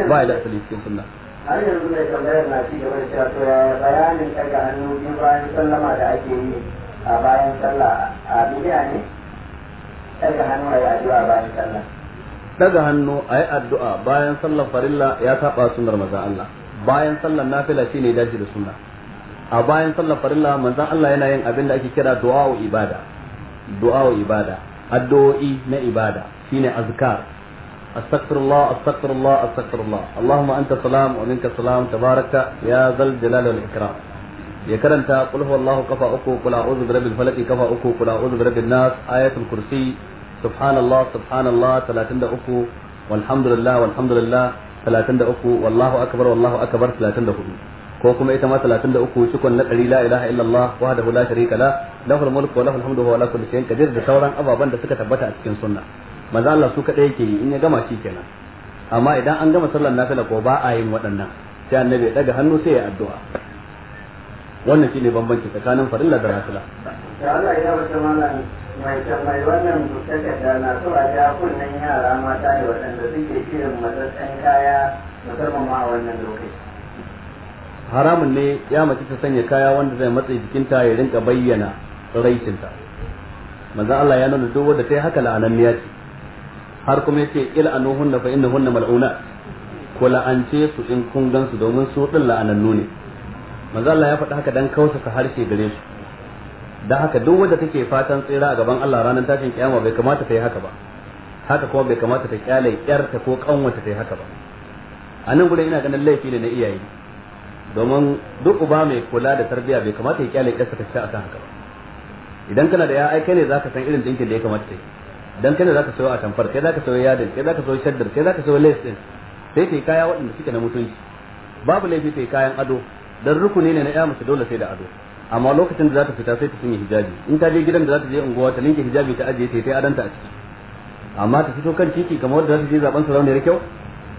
ba ya da asali cikin sunna har yanzu mai tambayar na ci gaba da cewa to ya bayanin daga hannu biyu bayan sallama da ake yi a bayan sallah a bid'a ne daga hannu a bayan sallah daga hannu a yi addu'a bayan sallar farilla ya saba sunnar maza Allah bayan sallar nafila shine dace da sunna a bayan sallar farilla manzon Allah yana yin abin da ake kira du'a wa ibada du'a wa ibada addu'o'i na ibada shine azkar astaghfirullah astaghfirullah astaghfirullah allahumma anta salam wa minka salam tabaraka ya zal jalal wal ikram ya karanta qul huwallahu kafa uku qul a'udhu rabbil falaq kafa uku qul a'udhu rabbin nas ayatul kursi subhanallah subhanallah 33 walhamdulillah walhamdulillah 33 wallahu akbar wallahu akbar 34 ko kuma ita ma 33 cikon na ɗari la ilaha illallah wahdahu la sharika la lahul mulku wa lahul hamdu wa la kulli shay'in qadir da sauran ababan da suka tabbata a cikin sunna manzo Allah su kadai yake yi in ya gama shi kenan amma idan an gama sallar nafila ko ba a yin waɗannan sai annabi ya daga hannu sai ya addu'a wannan shine bambanci tsakanin farilla da nafila Ya Allah ya wata malam mai mai wannan da na so a ja kunnan yara mata da waɗanda suke shirin matsatsan kaya musamman ma a wannan lokaci haramun ne ya mace ta sanya kaya wanda zai matsa ta ya rinka bayyana raicinta manzo Allah ya nuna duk wanda ta yi haka la'ananniya ce har kuma yace il anuhunna fa innahunna mal'una ko la'ance su in kun gansu domin su din la'anannu ne manzo Allah ya faɗi haka dan kausa harshe gare su da haka duk wanda take fatan tsira a gaban Allah ranar tashin kiyama bai kamata ta yi haka ba haka kuma bai kamata ta kyale yarta ko kanwata ta yi haka ba anan nan ina ganin laifi ne na iyaye domin duk uba mai kula da tarbiyya bai kamata ya kyale ƙasa ta a kan haka ba idan kana da ya aika ne zaka san irin dinkin da ya kamata ta yi idan kana zaka sayo a tamfar kai zaka sayo yadin kai zaka sayo shaddar kai zaka sayo lace din sai yi kaya waɗanda suke na mutunci babu laifi yi kayan ado dan rukuni ne na ya mace dole sai da ado amma lokacin da zata fita sai ta sanya hijabi in ta je gidan da zata je unguwa ta linke hijabi ta ajiye ta yi adanta a ciki amma ta fito kan titi kamar za zata je zaben sarauniyar kyau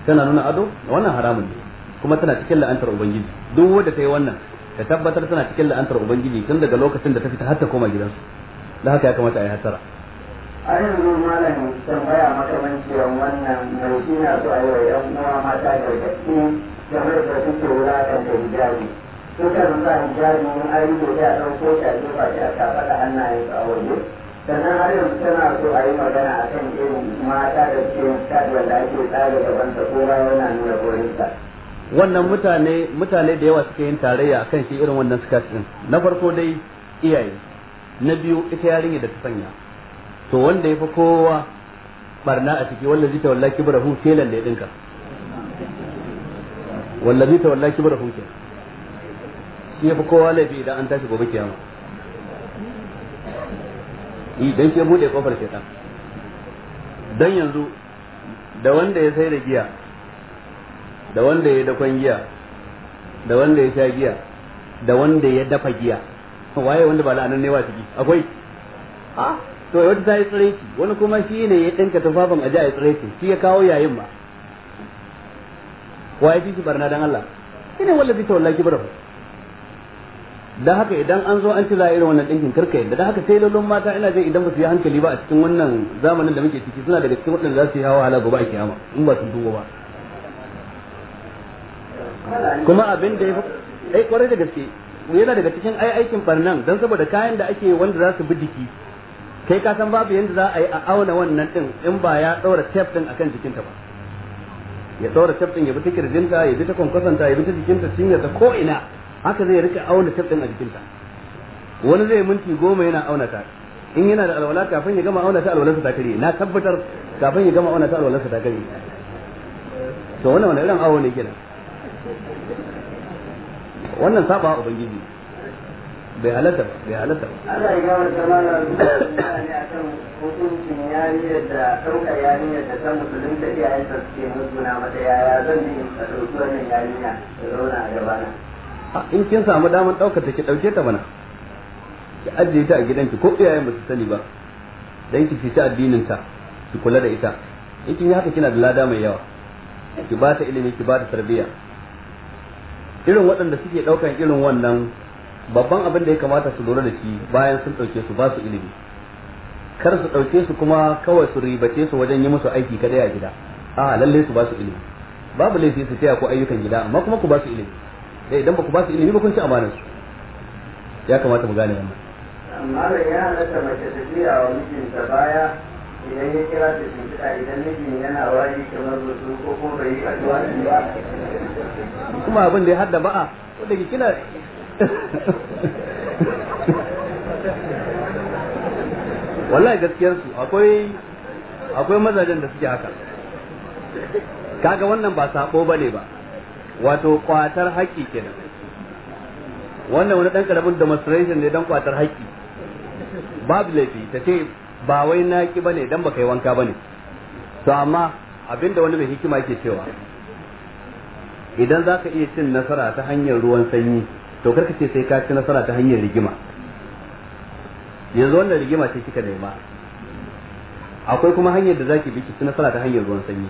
tana nuna ado wannan haramun ne kuma tana cikin la'antar ubangiji duk wanda ta yi wannan ta tabbatar tana cikin la'antar ubangiji tun daga lokacin da ta fita har ta koma gidansu da haka ya kamata a yi hasara an yi malam tambaya makamanciyar wannan mai shi na so a yi wa yan uwa mata gargaɗi game da suke wulakanta hijabi sukan sa hijabi mun an yi gobe a ɗauko shi a jefa shi a kafaɗa hannayen a waje sannan har yanzu tana so a yi magana a kan irin mata da suke yin kaɗuwa da ake tsara gaban ta kowa yana nuna gorinsa wannan mutane mutane da yawa suke yin tarayya akan shi irin wannan skirt din na farko dai iyaye na biyu ita yarinya da ta sanya to wanda ya fi kowa barna a ciki wallazi ta wallahi kibrahu kelan da ya dinka wallazi ta wallahi hu ke shi ya fi kowa laifi idan an tashi gobe kiyama dan ke bude kofar shaitan dan yanzu da wanda ya sai da giya da wanda ya dakon giya da wanda ya sha giya da wanda ya dafa giya waye wanda ba la'anan ne wa ciki akwai a to wata ta yi tsiraici wani kuma shi ne ya dinka tufafin aja ya tsiraici shi ya kawo yayin ma waye fi shi barna dan Allah ina ne wallafi ta wallahi kibra dan haka idan an zo an ci za irin wannan dinkin karka yadda dan haka sai lallon mata ina jin idan ba su yi hankali ba a cikin wannan zamanin da muke ciki suna daga cikin waɗanda za su yi hawa hala gobe a kiyama in ba su duba ba kuma abin da ya fi ai eh, kwarai da gaske yana daga cikin ai aikin barnan don saboda kayan da ake wanda za su bi jiki kai ka san babu yanda za a yi a auna wannan din in ba ya daura tef din akan jikinta ba ya daura tef din ya bi ta kirjinta ya bi ta kwankwasanta ya bi ta jikinta cinyarta ko ina haka zai rika auna tef din a jikinta wani zai minti goma yana auna ta in yana da alwala kafin ya gama auna ta alwalarsa ta kare na tabbatar kafin ya gama auna ta alwalarsa ta kare to wannan wani irin awo ne kenan wannan saba ubangiji bai halatta ba bai halatta ba ana yi gawar zamana ne akan hukuncin yariyar da ɗaukar yariyar da ta musulun da iyayen ta suke musguna mata yaya zan yi a ɗauki wannan yarinya da zauna a gabana in kin samu damar ɗaukar ta ki ɗauke ta mana ki ajiye ta a gidanki ko iyayen ba su sani ba dan ki fita addinin ta ki kula da ita in kin yi haka kina da lada mai yawa ki ba ta ilimi ki ba ta tarbiyya irin waɗanda suke ɗaukan irin wannan babban abin da ya kamata su lura da shi bayan sun ɗauke su ba su ilimi kar su ɗauke su kuma kawai su ribace su wajen yi musu aiki kadai a gida a lalle su ba su ilimi babu laifi su taya ko ayyukan gida amma kuma ku ba su ilimi da eh, idan ba ku ba su ilimi ba kun ci amanar su ya kamata mu gane wannan amma ya halatta mace ta wa mijinta baya idan ya kira ta shimfiɗa idan mijin yana wari kamar rusu ko kuma bai yi ba kuma abin da ya hadda ba'a wadda ke kina wallahi gaskiyar su akwai akwai mazajen da suke haka kaga wannan ba ba ne ba wato kwatar haƙƙi kenan wannan wani ɗan karamin demonstration ne don kwatar haƙƙi babu laifi ta ce ba wai naki bane dan baka yi wanka bane to amma abinda wani mai hikima yake cewa idan za ka iya cin nasara ta hanyar ruwan sanyi to karka ce sai ka ci nasara ta hanyar rigima yanzu wannan rigima ce kika nema akwai kuma hanyar da zaki bi ki ci nasara ta hanyar ruwan sanyi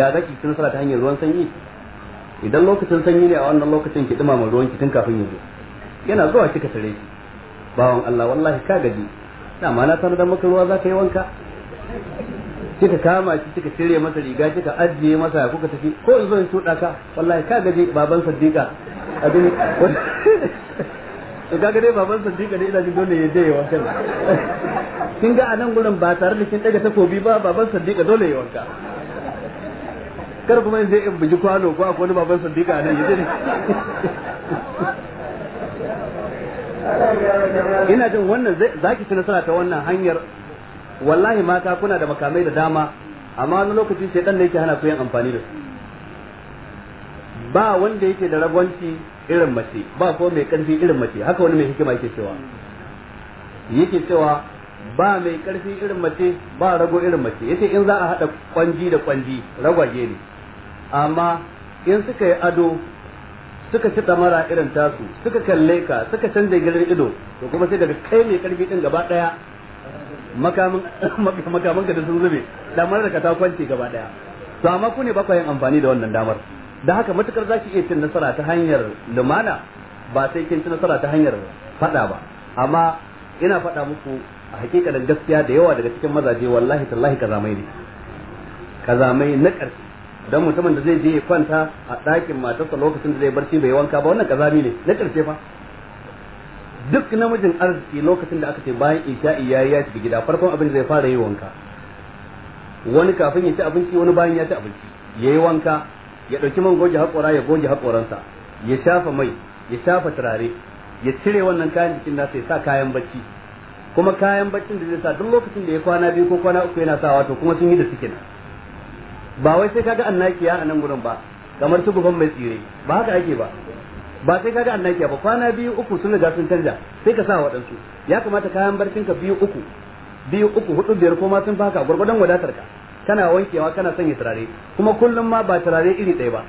ya zaki ci nasara ta hanyar ruwan sanyi idan lokacin sanyi ne a wannan lokacin ki dumama ruwan ki tun kafin yanzu yana zuwa kika tare ki bawan Allah wallahi ka gaji dama na sanar da maka ruwa za ka yi wanka kika kama shi kika cire masa riga kika ajiye masa ya kuka tafi ko in zo in tuɗa ka wallahi ka gaje baban Sadiqa abin to kaga dai baban Sadiqa da ina jin dole ya je ya wanka kin ga anan gurin ba tare da kin daga takobi ba baban Sadiqa dole ya wanka kar kuma in je in biji kwano ko akwai wani baban Sadiqa nan ya je ina jin wannan zaki ci nasara ta wannan hanyar wallahi mata kuna da makamai da dama amma wani lokaci sai dan ne yake hana ku yin amfani da su ba wanda yake da ragwanci irin mace ba ko mai karfi irin mace haka wani mai hikima yake cewa yake cewa ba mai karfi irin mace ba rago irin mace yace in za a hada kwanji da kwanji ragwaje ne amma in suka yi ado suka ci damara irin tasu suka kalle ka suka canza gidan ido to kuma sai daga kai mai karfi din gaba daya makamin makamin ka da sun zube damar ka ta kwance gaba daya to amma ku ne ba ku yin amfani da wannan damar da haka matukar zaki iya cin nasara ta hanyar lumana ba sai kin ci nasara ta hanyar fada ba amma ina fada muku a da gaskiya da yawa daga cikin mazaje wallahi tallahi kazamai ne kazamai na ƙarshe dan mutumin da zai je ya kwanta a ɗakin matarsa lokacin da zai barci bai wanka ba wannan kazami ne na ƙarshe fa duk namijin arziki lokacin da aka ce bayan isha'i yayi ya shiga gida farkon abin zai fara yi wanka wani kafin ya ci abinci wani bayan ya ci abinci yi wanka ya ɗauki man goge haƙora ya goge haƙoransa ya shafa mai ya shafa turare ya cire wannan kayan jikin nasa ya sa kayan bacci kuma kayan baccin da zai sa duk lokacin da ya kwana biyu ko kwana uku yana sawa to kuma sun yi da suke ba wai sai kaga annakiya a nan gurin ba kamar su guban mai tsire ba haka ake ba ba sai kaga annakiya ba kwana biyu uku sun riga sun canja sai ka sa waɗansu ya kamata kayan barcin ka biyu uku biyu uku hudu biyar ko ma sun fi haka wadatar ka kana wankewa kana sanya turare kuma kullum ma ba turare iri ɗaya ba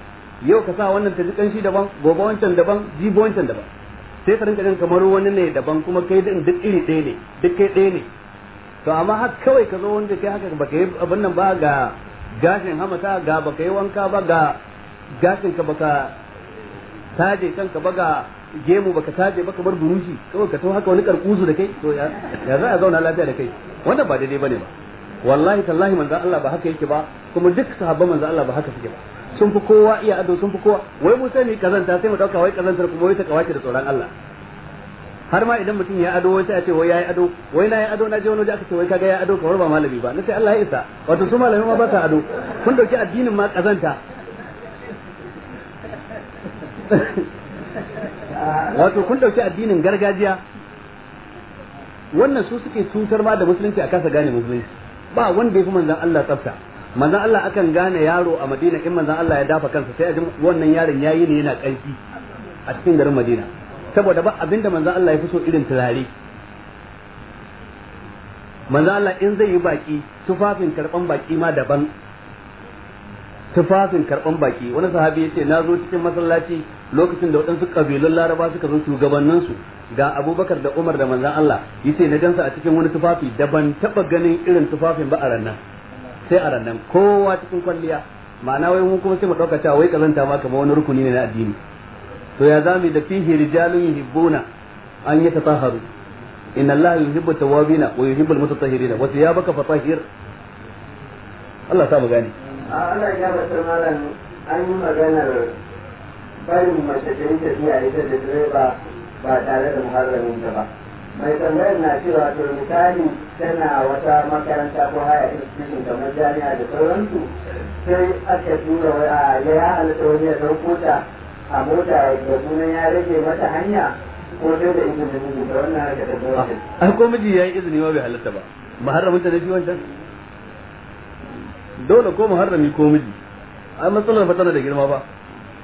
yau ka sa wannan ta ji kanshi daban gobe wancan daban jibo wancan daban sai ka rinka jin kamar wani ne daban kuma kai din duk iri ɗaya ne duk kai ɗaya ne to amma har kawai ka zo wanda kai haka ka yi abin nan ba ga gashin hamata ga baka yi wanka ba ga gashin ka baka taje kanka ba ga gemu baka taje ba bar burushi kawai ka tawo haka wani karkuzu da kai to ya za a zauna lafiya da kai wannan ba daidai bane ba wallahi tallahi manzo Allah ba haka yake ba kuma duk sahabban manzo Allah ba haka suke ba sun fi kowa iya ado sun fi kowa wai mu sai ne kazanta sai mu dauka wai kazantar kuma wai ta kawace da tsoron Allah har ma idan mutum ya ado wai sai a ce wai yayi ado wai na yi ado na je wani waje aka ce wai kaga ya ado kamar ba malami ba na ce Allah ya isa wato su malami ma ba sa ado kun dauki addinin ma kazanta wato kun dauki addinin gargajiya wannan su suke cutar ma da musulunci a kasa gane musulunci ba wanda ya fi manzon Allah tsafta manzon Allah akan gane yaro a Madina in manzon Allah ya dafa kansa sai a ji wannan yaron yayi ne yana ƙarfi a cikin garin Madina saboda ba abinda manzo Allah ya fi so irin turare manzo Allah in zai yi baki tufafin karban baki ma daban tufafin karban baki wani sahabi ya ce na zo cikin masallaci lokacin da waɗansu ƙabilun laraba suka zo shugabanninsu ga abubakar da umar da manzan Allah ya ce na gansa a cikin wani tufafi da ban taɓa ganin irin tufafin ba a rannan sai a rannan kowa cikin kwalliya ma'ana wai mun kuma sai mu ɗauka cewa wai kazanta ma kamar wani rukuni ne na addini to ya zami da fihi rijalun yuhibbuna an yatatahharu inna allaha yuhibbu tawwabina wa yuhibbul mutatahhirina wa thiyabaka fatahhir Allah ta mu gane Allah ya ba malam an yi maganar barin mace ta yi tafiya ita da direba ba tare da muharramin ta ba mai tambayar na cewa to misali tana wata makaranta ko haya institution kamar jami'a da sauransu sai aka tura wa ya halatta wani ya ɗauko ta a mota da sunan ya rage mata hanya ko sai da izinin miji da wannan haka da zuwa ah, ai ko miji ya yi izini ma bai halatta ba muharramin ta da biyu wancan dole ko muharrami ko miji a matsalar fa tana da girma ba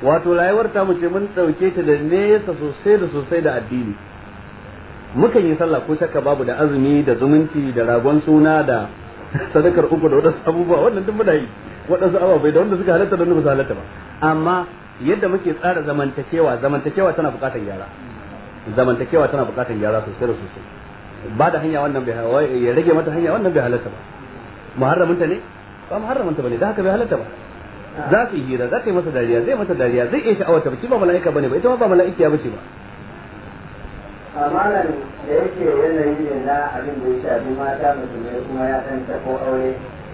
wato rayuwar ta mu ce mun dauke ta da nesa sosai da sosai da addini mukan yi sallah ko shakka babu da azumi da zumunci da ragon suna da sadakar uku da wadansu abubuwa wannan duk muna yi waɗansu ababai da wanda suka halatta da wanda ba su halatta ba amma yadda muke tsara zamantakewa zamantakewa tana bukatan gyara zamantakewa tana bukatan gyara sosai da sosai ba da hanya wannan bai ya rage mata hanya wannan bai halatta ba muharraminta ne ba muharraminta bane da haka bai halatta ba za su hira za ta yi masa dariya zai masa dariya zai iya sha'awata ba shi ba mala'ika bane ba ita ma ba mala'ikiya bace ba amalan da yake yanayi ne na abin da ya shafi mata musulmai kuma ya tsanta ko aure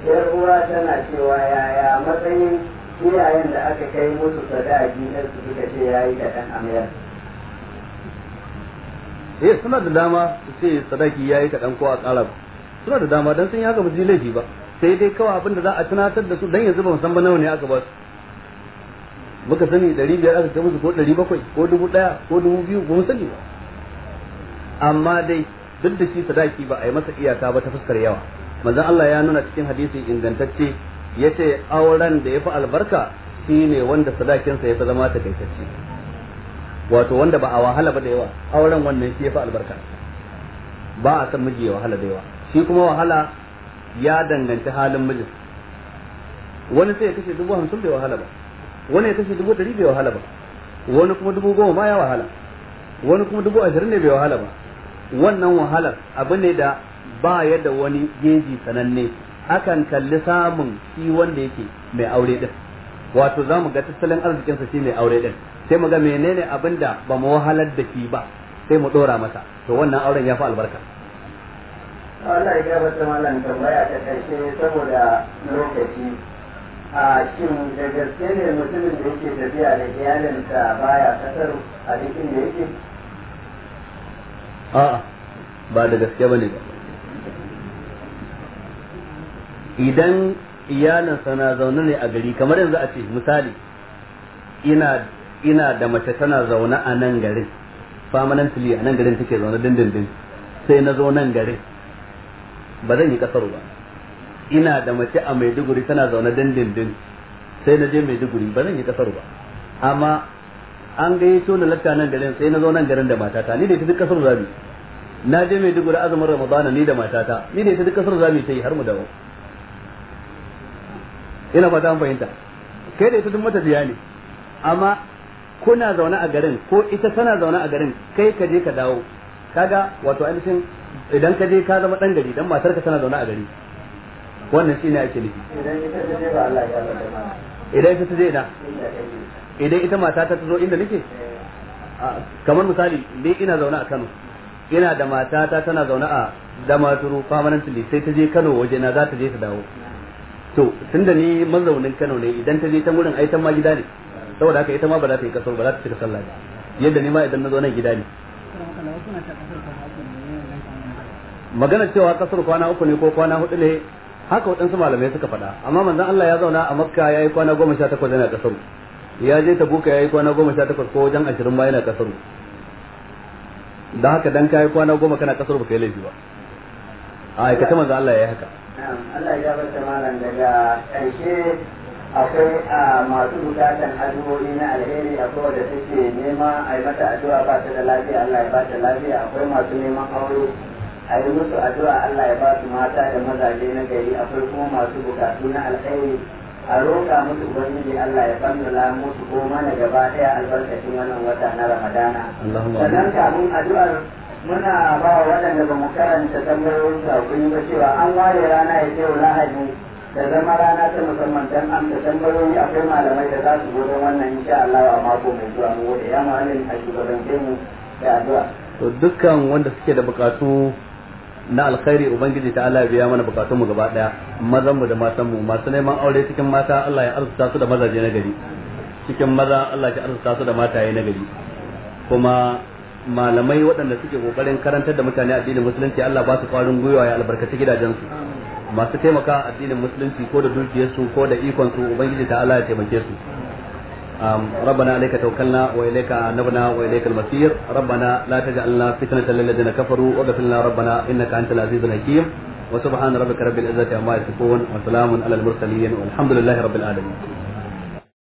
yar uwa tana cewa yaya matsayin iyayen da aka kai musu sadaki na su suka ce ya yi kaɗan amiyar eh suna da dama su ce sadaki ya yi kaɗan ko a ƙara ba suna da dama don sun yi haka ba su laifi ba sai dai kawai abin da za a tunatar da su don yanzu ba mu san ba nawa ne aka ba su muka sani ɗari biyar aka kai musu ko ɗari bakwai ko dubu ɗaya ko dubu biyu ba mu sani ba amma dai duk da shi sadaki ba a yi masa iyaka ba ta fuskar yawa manzon Allah ya nuna cikin hadisi ingantacce yace auren da yafi albarka shine wanda sadakin sa yafi zama takaitacce wato wanda ba a wahala ba da yawa auren wannan shi yafi albarka ba a san miji ya wahala da yawa shi kuma wahala ya danganci halin mijin wani sai ya kashe dubu hamsin bai wahala ba wani ya kashe dubu dari bai wahala ba wani kuma dubu goma ma ya wahala wani kuma dubu ashirin ne bai wahala ba wannan wahalar abu ne da ba ya da wani geji sananne akan kalli samun shi wanda yake mai aure din wato za mu ga tattalin arzikin sa shi mai aure din sai mu ga menene abin da ba mu wahalar da shi ba sai mu dora masa to wannan auren ya fi albarka Allah ya gabata malam tambaya ta karshe saboda lokaci a shin da gaske ne mutumin da yake tafiya da iyalinsa baya kasar a cikin da yake a'a ba da gaske bane ba idan iyalinsa sana zaune ne a gari kamar yanzu a ce misali ina ina da mace tana zaune a nan garin permanently a nan garin take zaune dindindin sai na zo nan garin ba zan yi kasar ba ina da mace a maiduguri tana zaune dindindin sai na je maiduguri ba zan yi kasar ba amma an gayyato na latta nan garin sai na zo nan garin da matata ni da ita duk kasar zabi na je maiduguri azumin ramadana ni da matata ni da ita duk kasar zabi ta yi har mu dawo ina ba an fahimta kai da ita duk mata biya ne amma kuna zaune a garin ko ita tana zaune a garin kai ka je ka dawo kaga wato ainihin idan ka je ka zama dan gari dan matarka tana zaune a gari wannan shine ake nufi idan ita ta je ba idan ita ta je idan mata ta zo inda nake eh. kamar misali dai ina zaune a Kano ina da matata tana zaune a Damaturu permanently sai ta je Kano waje na za ta je ta dawo to tunda ni mazaunin Kano ne idan ta je ta gurin ai ta ma gida ne saboda haka ita ma ba za ta yi kasar ba za ta cika sallah ba yadda ni ma idan na zo nan gida ne magana cewa kasar kwana uku ne ko kwana hudu ne haka waɗansu malamai suka faɗa amma manzon Allah ya zauna a Makka yayi kwana goma sha takwas yana kasar ya je ta ya yayi kwana goma sha takwas ko wajen ashirin ma yana kasar da haka dan kai kwana goma kana kasar ba kai laifi ba a aikata manzon Allah yayi haka Allah ya bata malam daga ƙarshe akwai a masu bukatan addu'o'i na alheri a kowa da take nema a yi mata addu'a ba ta da lafiya Allah ya ba ta lafiya akwai masu neman aure a yi musu addu'a Allah ya ba su mata da mazaje na gari akwai kuma masu bukatu na alheri a roƙa musu ubangiji Allah ya bandula musu goma na gaba daya albarkacin wannan wata na Ramadana sannan kamun addu'ar muna ba wa waɗanda ba mu karanta tambayoyin saƙon ba cewa an ware rana ya ce lahadi da zama rana ta musamman don amsa tambayoyi akwai malamai da za su zo don wannan insha Allah a mako mai zuwa mu wanda ya malin a shugaban mu da addu'a. To dukkan wanda suke da bukatu na alkhairi ubangiji ta Allah biya mana bukatun mu gaba daya mazan mu da matan mu masu neman aure cikin mata Allah ya arzuta su da mazaje na gari cikin maza Allah ya arzuta su da mataye na gari kuma malamai waɗanda suke kokarin karantar da mutane addinin musulunci Allah ba su ƙwarin gwiwa ya albarkaci gidajensu masu taimaka addinin musulunci ko da dukiyarsu ko da ikon su ubangiji ta Allah ya taimake su ربنا عليك توكلنا وإليك أنبنا وإليك المصير ربنا لا تجعلنا فتنة للذين كفروا واغفر لنا ربنا إنك أنت العزيز الحكيم وسبحان ربك رب العزة عما يصفون وسلام على المرسلين والحمد لله رب العالمين